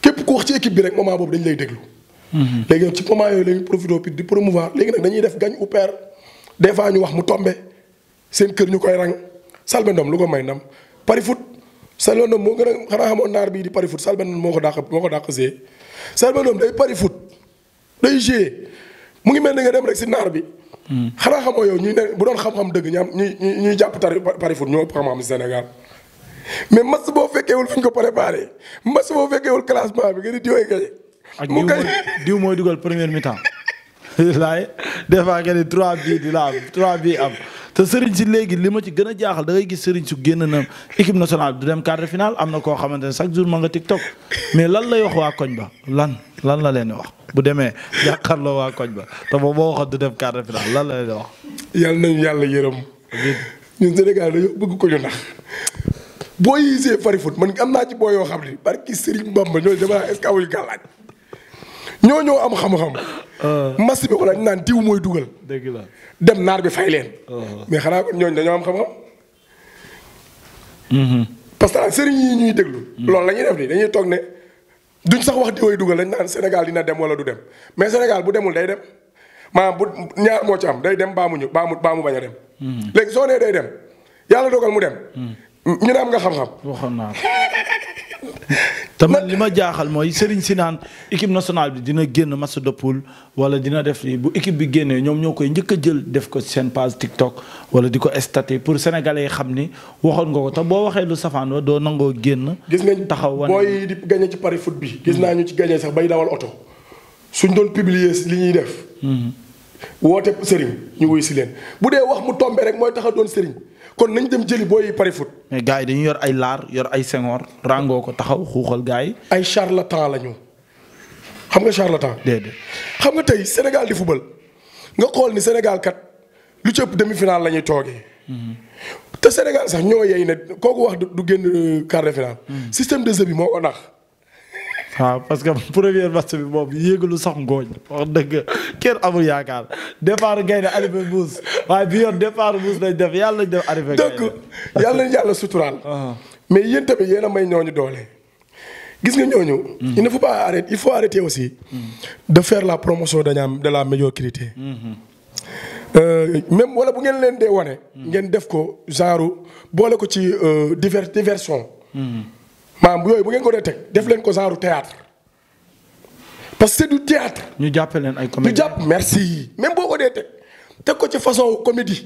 képp ku wax ci équipe bi rek moment boobu dañu lay déglu. Mm-hmm. léegi nag ci moment yooyu la ñuy profité di promouvoir léegi nag dañuy def gañ ou père des fois ñu wax mu tombe seen kër ñu koy rang Selbé lu ko may ndam sa loolu moo gën a xanaa xamoon naar bii di pari foot Selbé Ndom moo ko dàq moo ko dàq see Selbé day pari foot day joué mu ngi mel ni nga dem rek si naar bi. Hmm. xanaa xamoo yow ñuy ne bu doon xam-xam dëgg ñaam ñuy ñuy jàpp tari pari foot ñoo ëpp xam-xam si Sénégal. mais match boo fekkeewul fi ñu ko préparé match boo fekkeewul classement bi nga di diw ay gañe. mu gañe ak diw mooy diw première mi-temps. laay des fois nga ni 3 bii di la am 3 bii am. te Serigne si léegi li ma ci gën a jaaxal da ngay gis Serigne su génn na équipe nationale du dem quart finale am na koo xamante ne chaque jour ma nga TikTok mais lan lay wax waa koñ ba lan lan la leen wax bu demee jàkkaarloo waa koñ ba te boobu boo waxoon du dem quart de finale lan la leen wax. yàlla nañu yàlla yërëm. ñu ñun Sénégal dañoo bëgg ko ñu nax boo yisee fari foot man am naa ci boo yoo xam ne barki Serigne Bamba ñooñu dama est-ce que amuñu gàllaaj ñoo ñoo am xam-xam. Ah. masi bi wala ñu naan diw mooy dugal. dëgg la dem naar bi fay leen. Ah. mais xanaa kon ñooñu dañoo am xam-xam. Mm-hmm. parce que sëriñ yi ñuy déglu. Mm. loolu la ñuy def nii dañuy toog ne duñ sax wax diw ay dugal dañ naan Sénégal dina dem wala du dem mais Sénégal bu demul day dem maa bu ñaar moo ci am day dem baa mu ñu baa mu baa mu bañ a dem. Mm-hmm. léegi soo nee day dem yàlla dogal mu dem. Mm. ñu ne am nga xam-xam. waxoon te man li ma jaaxal mooy Serigne si naan équipe nationale bi dina génn match de poule wala dina def lii bu équipe bi génnee ñoom ñoo koy njëkk a jël def ko seen page TikTok wala di ko staté pour sénégalais xam ni waxoon nga ko te boo waxee lu safaan wa doo nangoo génn. gis nga taxaw wane booy yi di ci pari foot bi. gis naa ñu ci gagné sax bay dawal oto suñ doon publier li ñuy def. Mhm. woote Serigne ñu wuy si leen bu dee wax mu tombé rek mooy tax a doon Serigne. kon nañ dem jëli booy yi pari foot. mais gars yi dañu yor ay laar yor ay sengoor ràngoo ko taxaw xuuxal gars yi. ay charlatan lañu xam nga charlatan. déedéet xam nga tey Sénégal di football nga xool ni Sénégal kat lu ci demi final la ñuy toogee. Mm-hmm. te Sénégal sax ñoo yey ne kooku wax du génn quart de finale. Mm-hmm. système de jeu bi moo ko nax waaw parce que premier match bi boobu yéegalu sax ngooñ wax dëgg kenn amul yaakaar départ gaynde arrivé mbuus waaye bi yoon départ mbuus lañ def yàlla lañ def arrivé gaynde donc yàlla yàlla ah. mais yéen yéen a may ñooñu doole gis nga ñooñu mm. il ne faut pas arrêter il faut arrêter aussi mm. de faire la promotion dañaam de la médiocrité mm-hmm. euh, même wala bu ngeen leen dee wane mm. ngeen def ko genre boole ko ci euh, diver diversion maanaam yooyu bu ngeen ko dee teg def leen ko saaru théâtre parce que c'est du théâtre. ñu jàppee leen ay comédie jàpp merci même boo ko dee teg teg ko ci façon comédie.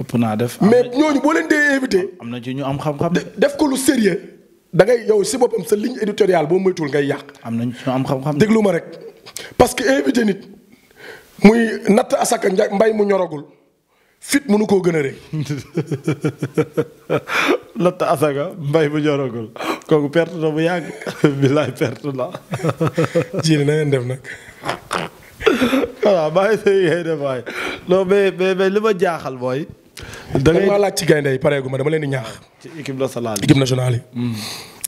ëpp naa def mais ñooñu boo leen dee invité. am na ci ñu am xam-xam. def ko lu sérieux da ngay yow si boppam sa ligne éditoriale boo moytuwul ngay yàq. am na ñu am xam-xam. déglu ma rek parce que invité nit muy natt asaka mbay mu ñoragul. fit mënu koo gën a rëy. Latt Asaga mbay bu joragul kooku perte na bu yàgg billaay perte na. ji na leen def nag. voilà maa ngi sëñ ngay def waay non ma jaaxal mooy. da ngay laaj ci gaynde yi pareegu ma dama leen di ñaax. ci équipe nationale équipe nationale yi. Mm.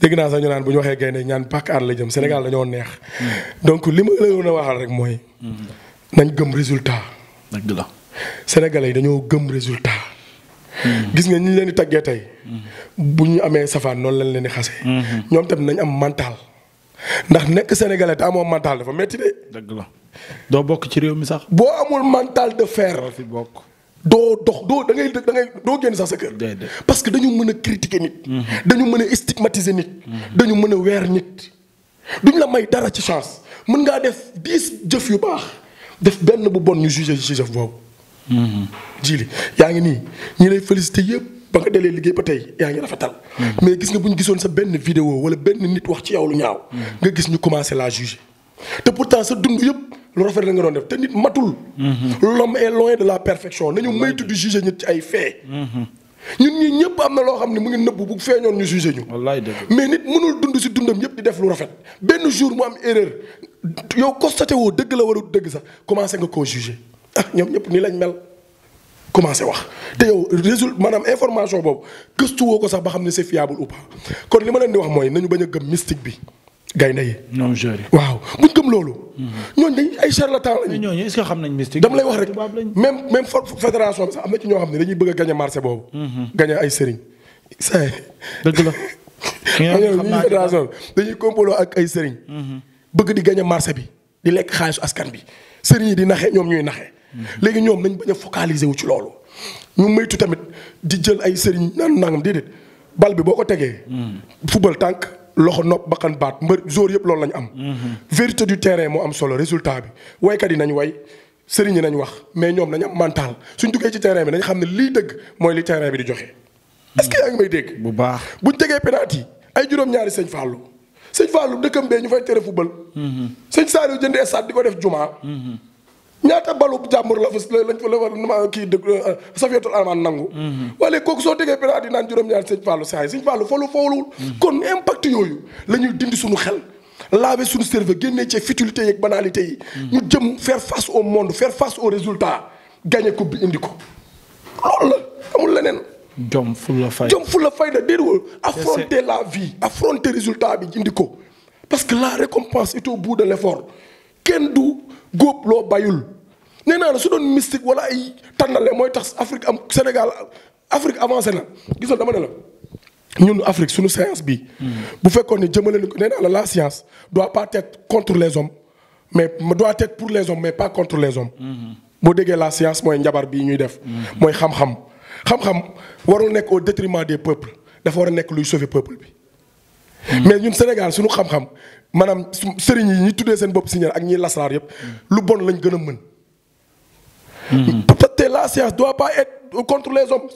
dégg naa sax ñu naan bu ñu waxee gaynde ñaan pàcc àll la jëm Sénégal dañoo neex. Mm. donc li ma la woon a waxal rek mooy. Mm. nañ gëm résultat. dëgg sénégalais yi dañoo gëm résultat. gis nga ñi leen di taggee tey. bu ñu amee safaan noonu lañ leen di xasee. Mhm. ñoom tamit nañ am mental. ndax nekk sénégalais te amoo mental dafa metti de. dëgg la doo bokk ci réew mi sax. boo amul mental de fer. fi bokk. doo dox doo da ngay da ngay doo génn sax sa kër. parce que dañu mën a critiquer nit. Mhm. dañu mën a stigmatiser nit. Mhm. dañu mën a weer nit. duñ la may dara ci chance mën ngaa def dix jëf yu baax def benn bu bon ñu jugé ci boobu. jili yaa ngi nii ñi lay félicité yëpp ba nga delee liggéey ba tey yaa ngi rafetal. Mm-hmm. mais gis nga bu ñu gisoon sa benn vidéo wala benn nit wax ci yow lu ñaaw. Mm-hmm. nga gis ñu commencé la juger. te pourtant sa dund yëpp lu rafet la nga doon def te nit matul. Mm-hmm. l'homme est loin de la perfection nañu moytu di juger nit ci ay fait. ñun ñii ñëpp am na loo xam ne mu ngi nëbb bu feeñoon ñu jugé ñu. wallaay dëgg mais nit mënul dund si dundam yëpp di def lu rafet benn jour mu am erreur yow constaté woo dëgg la wala dëgg sax commencé nga koo ak ñoom ñëpp ni lañ mel commencé wax te yow résultat maanaam information boobu gëstu woo ko sax ba xam ne c'est fiable ou kon li ma leen di wax mooy nañu bañ a gëm mystique bi gaynde yi non jori waaw buñ gëm loolu. Mm-hmm. ñooñu dañ ay charlatan lañu. ñooñu est xam nañ mystique. dama lay wax rek même même fédération bi sax am na ci ñoo xam ne dañuy bëgg a gagner marché boobu. Mm-hmm. gagner ay sëriñ. dëgg la. xam naa dañuy complot ak ay sëriñ. Mm-hmm. bëgg di gagner marché bi di lekk xaalisu askan bi sëriñ yi di naxe ñoom ñuy naxe. léegi ñoom nañ bañ a focaliser wu ci loolu ñu maytu tamit di jël ay sëriñ naan nangam déedéet bal bi boo ko tegee. Mm. football tànk loxo nopp bakkan baat mbër jour yëpp loolu lañu am. Mm-hmm. vérité du terrain moo am solo résultat bi waykat yi nañu way sëriñ yi nañ wax mais ñoom nañ am mantaal suñ duggee ci terrain bi nañ xam ne lii dëgg mooy li terrain bi di joxe. Mm. est que yaa ngi may dégg. bu baax buñ tegee penalty ay juróom-ñaari sëñ Fallou sëñ Fallou dëkkam bee ñu fay tere football. Mm-hmm. sëñ Saliou jëndee stade di ko def jumaa. Mm-hmm. ñaata balu jàmbur la fa lañ fa la war kii dëgg euh, safiyatul almaan nangu. Mhm. wala kooku soo déggee penalty naan juróom-ñaar sëñ Fallou saay sëñ Fallou folu fowlul. Mhm. kon impact yooyu la ñuy dindi suñu xel. laabe suñu cerveau génnee ci futilité yeeg banalité yi. Mhm. ñu jëm faire face au monde faire face aux résultats gagné coupe bi indi ko loolu amul leneen. jom fulla fayda jom fulla fayda déedéet affronter la vie affronter résultat bi indi ko parce que la récompense est au de l'effort kenn du. góob loo bayul nee naa la su doon mystique wala ay tànnale mooy tax Afrique am Sénégal Afrique avancé na gisal dama ne la ñun Afrique suñu science bi hmm. bu fekkoon ne jëmale nañ ko nee naa la la science doit pas être contre les hommes mais doit être pour les hommes mais pas contre les hommes. Hmm. boo déggee la science mooy njabar bi ñuy def. Hmm. mooy xam-xam. xam-xam warul nekk au détriment des peuples dafa war a nekk luy sauver peuple bi. mais ñun Sénégal suñu xam-xam maanaam sëriñ yi ñu tuddee seen bopp si ñaar ak ñiy lasraar yëpp lu bon lañ gën a mën. te hmm. la science doit pas être contre les hommes.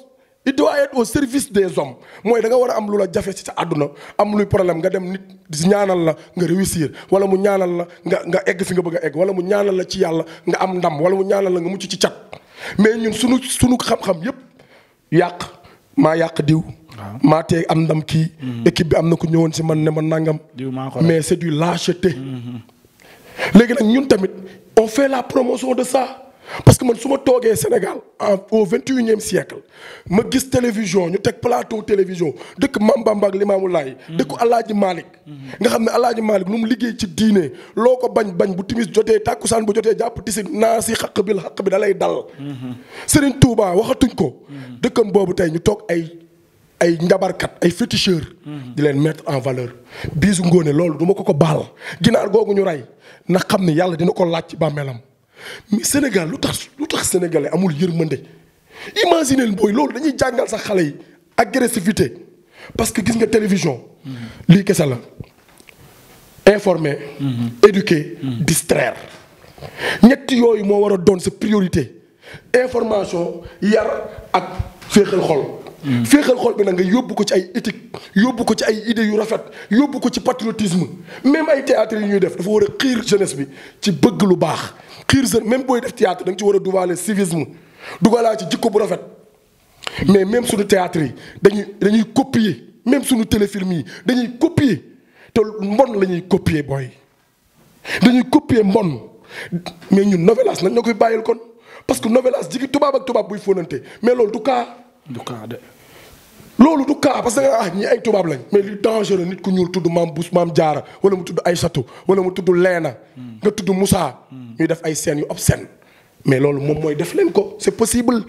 il doit être au service des hommes mooy da nga war a am lu la jafe ci sa àdduna am luy problème nga dem nit di ñaanal la nga réussir wala mu ñaanal la nga nga egg fi nga bëgg a egg wala mu ñaanal la ci yàlla nga am ndam wala mu ñaanal la nga mucc ci cat mais ñun sunu sunu xam-xam yépp yàq maa yàq diw maa tee am ndam kii. Mm-hmm. équipe bi am na ko ñëwoon si man ne ma nangam. mais c' est du lâcheté. Mm-hmm. léegi nag ñun tamit on fait la promotion de ça parce que man su ma toogee Sénégal en au vingt et siècle ma gis télévision ñu teg plateau télévision dëkk Mame Bamba ak Limaamu Laay mm-hmm. dëkku Alaaji Malick nga xam ne Alaaji Malick lu mu liggéey ci diine loo ko bañ bañ bu timis jotee tàkkusaan bu jotee jàpp tisi naa si xaq bi la xaq bi dalay lay dal Serigne Touba waxatuñ ko dëkkam boobu tey ñu toog ay ay ndabarkat ay féticheur mm-hmm. di leen mettre en valeur biisu ngóone loolu duma ko ko baal ginaar googu ñu rey na xam ne yàlla dina ko laaj ci bàmmeelam Sénégal lu tax lu tax sénégalais amul yërmande imaginer booy loolu dañuy jàngal sax xale yi agressivité parce que gis nga télévision mm-hmm. lii kese la informer mm-hmm. éduquer distraire ñetti yooyu moo war a doon sa priorité information yar ak féexal xol féexal xol bi nag nga yóbbu ko ci ay éthique yóbbu ko ci ay idées yu rafet yóbbu ko ci patriotisme même ay théâtre yu ñuy def dafa war a xiir jeunesse bi ci bëgg lu baax xiir jeune même booy def théâtre da nga ci war a dugaale civisme dugalaa ci jikko bu rafet mais même suñu théâtre yi dañuy dañuy copier même suñu téléfilm yi dañuy copier te mbon lañuy ñuy copier booy dañuy copier mbon mais ñun novelas nañ ñoo koy bàyyil kon parce que novelas jigi tubaab ak tubaab buy fóonante mais loolu du cas du cas loolu du cas parce que ah ñi ay tubaab lañ mais li dangereux nit ku ñuul tudd maam Bous maam Jaara wala mu tudd Aysatu wala mu tudd Leena. nga tudd musaa ñuy def ay scènes yu obscènes mais loolu moom mooy def leen ko c'est possible.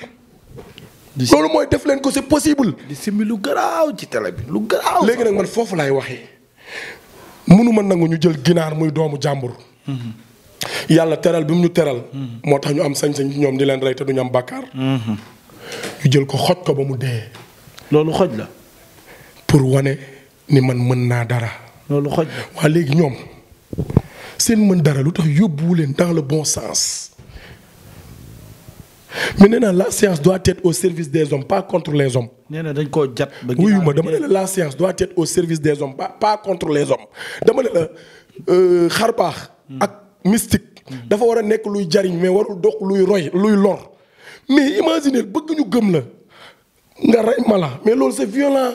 loolu mooy def leen ko c'est possible. di simbi lu garaaw ci télé bi lu garaaw. léegi nag man foofu laay waxee mënu ma nangu ñu jël ginaar muy doomu jàmbur. Mm-hmm. yàlla teral bi mu ñu teral. Mm-hmm. moo tax ñu am sañ-sañ ñoom di leen rey te duñu am bàkkaar. Mm-hmm. ñu jël ko xoj ko ba mu dee. loolu xoj la. pour wane ni man mën naa dara. loolu xoj waa léegi ñoom seen mën dara lu tax yóbbuwu leen dans le bon sens. mais nee naa la science doit être au service des hommes pas contre les hommes. nee na dañ koo jat ba. wuyu ma dama ne la la science doit être au service des hommes pas pas contre les hommes dama ne la euh, xar baax. ak mystique. dafa war a nekk luy jariñ mais warul dox luy roy luy lor mais imaginer bëgg ñu gëm la. nga rey mala mais loolu c'est violent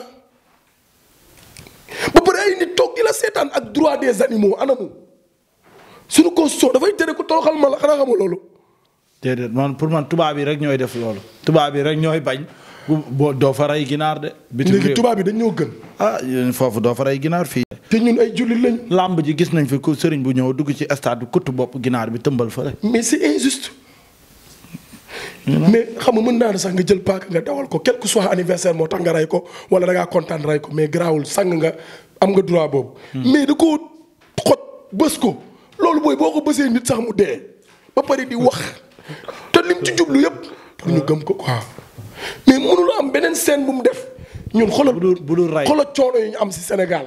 ba pare ay nit toog la seetaan ak droit des animaux anamu suñu constitution dafay tere ko toroxal mala xanaa xamul loolu. déedéet man pour man tubaab yi rek ñooy def loolu. tubaab yi rek ñooy bañ. boo doo fa rey ginaar de. bitim léegi tubaab yi dañoo gën. ah foofu doo fa rey ginaar fii. te ñun ay jullit lañ. làmb ji gis nañ fi ku sëriñ bu ñëw dugg ci stade bi kuttu bopp ginaar bi tëmbal fa rek. mais c'est injuste. mais xam nga mën naa ne sax nga jël paak nga dawal ko quel que soit anniversaire moo tax nga rey ko wala da ngaa rey ko mais garaawul sang nga am nga droit boobu. Hmm. mais da ko xot bës ko loolu booy boo ko bësee nit sax mu dee ba pare di wax te lim ci jublu yëpp pour ñu gëm ko quoi mais mënul am beneen scène bu mu def ñun xoolal. bu dul bu dul rey xoolal coono yi ñu am si Sénégal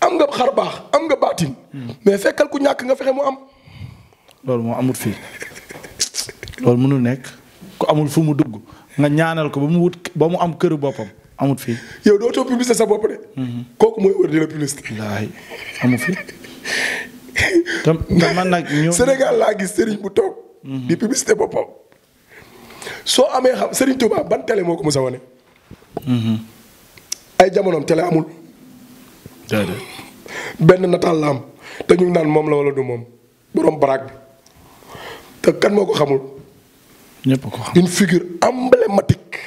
am nga xar baax am nga baatin. Hmm. mais fekkal ku ñàkk nga fexe mu am. loolu moo amut fii. loolu mënul nekk ku amul fu mu dugg nga ñaanal ko ba mu wut ba mu am këru boppam amut fii. yow dootoo publicité sa bopp de. Mhm. kooku mooy wër di la publicité. amu fi. te man nag ñoo Sénégal laa gis Serigne bu toog. Mhm. di publicité boppam. soo amee xam Serigne Touba ban télé moo ko mos a wane. Mhm. ay jamonoom télé amul. benn nataal la am te ñu naan moom la wala du moom borom baraag bi te kan moo ko xamul. ñëpp ko xam une figure emblématique.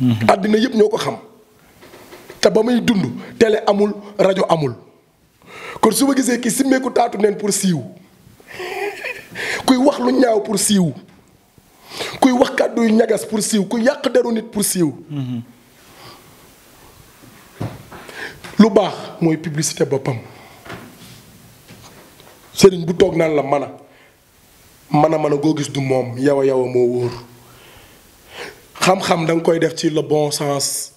Mhm. àddina yëpp ñoo ko xam. te ba muy dund tele amul rajo amul kon su ma gisee kii simmeeku taatu neen pour siiw kuy wax lu ñaaw pour siiw kuy wax kàddu yu ñagas pour siiw ku yàq deru nit pour siiw. Mhm. lu baax mooy publicité boppam sëriñ bu toog naan la mën a mën a mën goo gis du moom yow a yow a moo wóor xam-xam da koy def ci le bon sens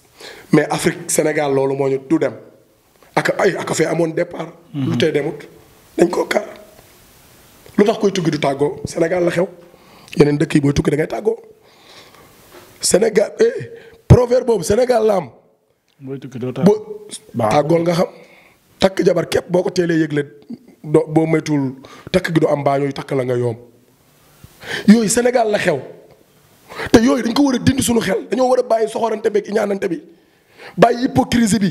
mais Afrique Sénégal loolu moo ñu du dem ak ay ak fee amoon départ. Mhm. lu tey demut dañ koo kar lu tax koy tukki du tàggoo Sénégal la xew yeneen dëkk yi booy tukki da ngay tàggoo Sénégal eh boobu senegal la am. booy tukki doo tàggoo tàggool nga xam. takk jabar képp boo ko teelee yëgle doo boo moytuwul takk gi du am baa ñooy takk la nga yoom yooyu Sénégal la xew te yooyu dañ ko war a dind suñu xel dañoo war a bàyyi soxorante beeg ñaanante bi bàyyi hypocrisie bi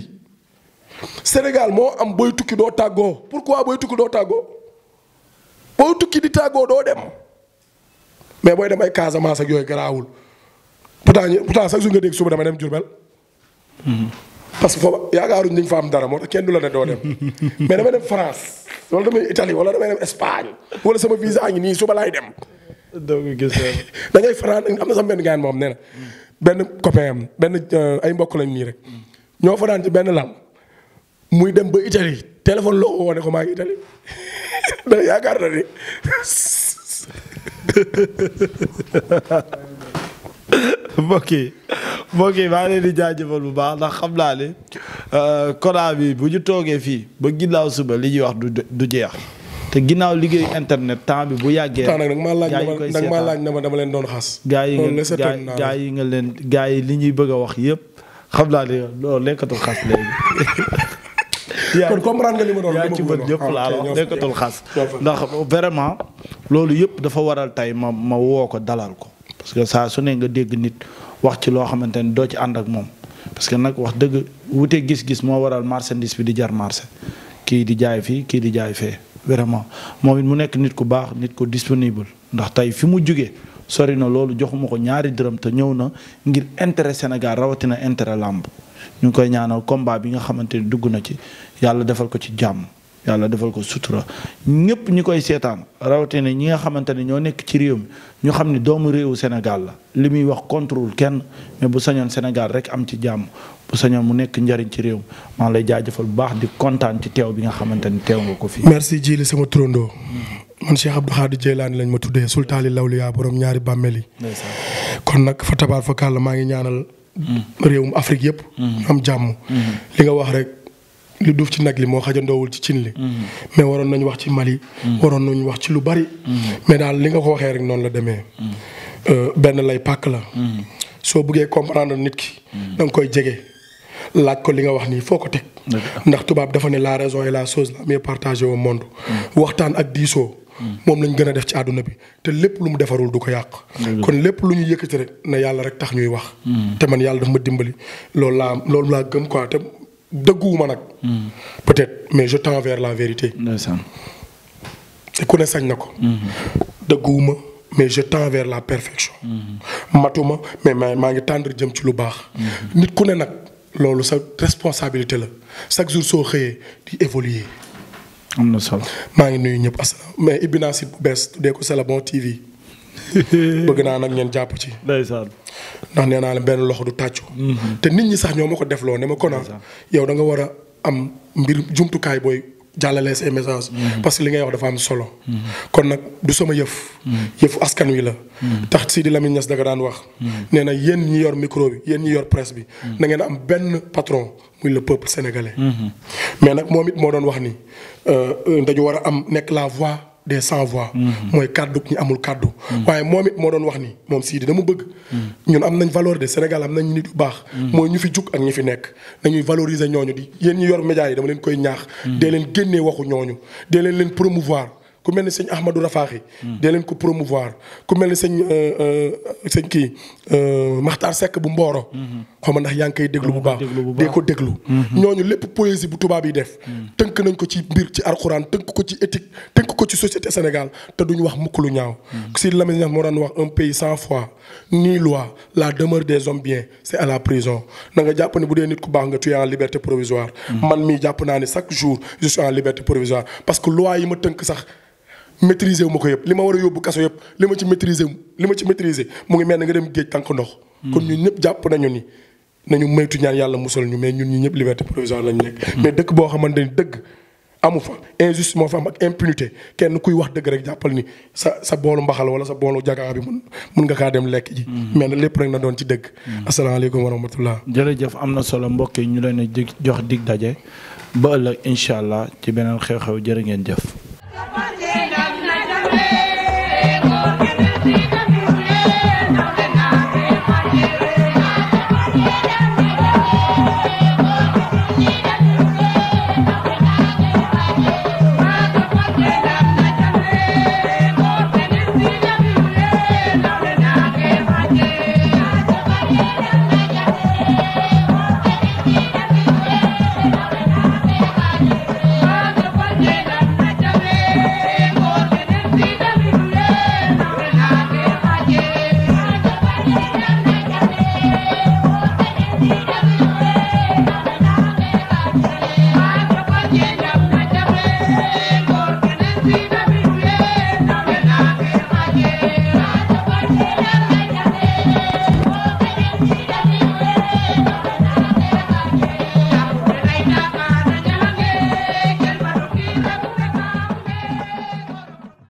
Sénégal moo am booy tukki doo tàggoo pour pourquoi booy tukki doo tàggoo booy tukki di tàggoo doo dem mais booy dem ay Casamance ak yooyu garaawul pourtant ñu pourtant sax su nga dégg suba dama dem Diourbel. parce que foofu yaakaaruñ ni fa am dara moo tax kenn du la ne doo dem mais damay dem France wala damay Italie wala damay dem Espagne sama visa ngi nii laay dem. doo ko gis da ngay fanaan am na sax benn gaan moom nee benn copain am benn euh, ay mbokk lañ nii rek ñoo fanaan ci benn lam muy dem ba Italie téléphone loo ko woo ne ko maa ngi da ni mbokk yi mbokk yi maa ngi di jaajëfal bu baax ndax xam naa ne euh, Kona bi bu ñu toogee fii ba ginnaaw suba li ñuy wax du du jeex te ginnaaw liggéeyu internet temps bi bu yàggee. temps nag maa laaj na ma laaj na ma dama leen doon xas. gaa yi nga leen gaa yi li ñuy bëgg a wax yëpp xam naa ne loolu lekkatul xas léegi. kon comprendre nga li ma doon yaa ci bët yëpp ah, laa la wax lekkatul xas. ndax vraiment loolu yëpp dafa waral tey ma ma woo ko dalal ko. parce que saa su ne nga dégg nit wax ci loo xamante ni doo ci ànd ak moom parce que nag wax dëgg wute gis-gis moo waral marchandise bi di jar marché kii di jaay fii kii di jaay fee. vraiment moom it mu nekk nit ku baax nit ku disponible ndax tey fi mu jugee sori na loolu joxuma ko ñaari dërëm te ñëw na ngir intérêt Sénégal rawatina intérêt làmb ñu ngi koy ñaanaw combat bi nga xamante ni dugg na ci yàlla defal ko ci jàmm yàlla defal ko sutura ñëpp ñi koy seetaan rawatina ñi nga xamante ne ñoo nekk ci réew mi ñu xam ni doomu réewu Sénégal la li muy wax contrôle kenn mais bu sañoon Sénégal rek am ci jàmm bu sañoon mu nekk njariñ ci réew maa lay jaajëfal bu baax di kontaan ci teew bi nga xamante ni teew nga ko fii. merci Djily sama turandoo. man Cheikh Abdou Khadir Jeylaani lañ ma tuddee li lawliyaa borom ñaari bàmmee yi. kon nag fa tabaar fa kàll maa ngi ñaanal. réew mu Afrique yëpp. Mm-hmm. am jàmm. Mm-hmm. li nga wax rek. lu duuf ci nag li moo xajandoowul ci cin li mm-hmm. mais waroon nañu wax ci Mali waroon nañu wax ci lu bari mais daal li nga ko waxee rek noonu la demee euh, benn lay pàkk la soo bëggee nit ki da koy jege laaj ko li nga wax nii foo ko teg. ndax tubaab dafa ne la raison et la chose la mais partagée au monde. Hmm. waxtaan ak diisoo. Hmm. moom lañ gën a def ci àdduna bi te lépp lu mu defarul du ko yàq. kon lépp lu ñu yëkkati rek na yàlla rek tax ñuy wax. Hmm. te man yàlla daf ma dimbali loolu laa loolu laa gëm quoi te dëgguwuma nag. peut-être mais je tends vers la vérité. te ku ne sañ na ko. dëgguwuma mais je temps vers la perfection. matuma mais maa ngi tendre jëm ci lu baax. nit ku ne nag. loolu sa responsabilité la chaque jour soo xëyee di évoluer. am na solo maa ngi nuyu ñëpp asalaam mais ibbi naa site bu bees tuddee ko c'est la bonne TV. bëgg naa nag ngeen jàpp ci. ndax nee naa la benn loxo du tàccu. Mhm. te nit ñi sax ñoo ma ko defloo ne ma kon yow da nga war a am mbir jumtukaay booy. jàllale say message mm-hmm. parce que li ngay wax dafa am solo. Mm-hmm. kon nag du sama yëf. Mm-hmm. yëfu askan wi la. tax Sidi Lamine Niass da nga daan wax. nee na yéen ñi yor micro bi yéen ñi yor presse bi. da ngeen am benn patron muy le peuple sénégalais. mais nag moom it moo doon wax ni euh, euh, dañu war a am nekk la voix. des sans voix. Mm-hmm. mooy kàddu ñu amul kàddu. Mm-hmm. waaye moom it moo doon wax ni moom sii dina mu bëgg. Mm-hmm. ñun am nañ valeur Sénégal am nañ nit yu baax. mooy ñu fi jug ak ñu fi nekk nañuy valoriser ñooñu di yéen ñi yor média yi dama leen koy ñaax. dee leen génnee waxu ñooñu dee leen leen promouvoir. ku mel ni sëñ Ahmadou Rafaaxi dee leen ko promouvoir ku mel ni sëñ euh, euh, sëñ kii euh, Makhtar sekk bu mbooro xaw ndax yaa ngi koy déglu bu baax dee ko déglu mm-hmm. ñooñu lépp poésie bu tubaab yi def mm-hmm. tënk nañ ko ci mbir ci alxuraan tënk ko ci éthique tënk ko ci société Sénégal te duñu wax mukk lu ñaaw mm-hmm. si Lamine Niass moo daan wax un pays cent fois ni loi la demeure des hommes bien c'est à la prison na nga jàpp ne bu dee nit ku baax nga tu es en liberté provisoire man mii jàpp naa ne chaque jour je suis en liberté provisoire parce que loi yi ma tënk sax maîtriser wu ma ko yëpp li ma war a yóbbu kaso yëpp li ma ci maîtriser li ma ci maîtriser mu ngi mel ne nga dem géej ndox ñëpp jàpp nañu ni nañu maytu ñaan yàlla musal ñu mais ñun ñu ñëpp liberté provisoire lañ nekk. Hmm. mais dëkk boo xamante ni dëgg amu fa injustice moo fa am ak impunité kenn kuy wax dëgg rek jàppal ni sa sa boolu mbaxal wala sa boolu jagaa bi mun mun nga kaa dem lekk ji. Hmm. mais lépp rek na doon ci dëgg. Hmm. asalaamaaleykum wa rahmatullah. jërëjëf am na solo mbokk yi ñu leen a jox digg daje ba ëllëg incha allah ci beneen xew-xew jërë ngeen jëf.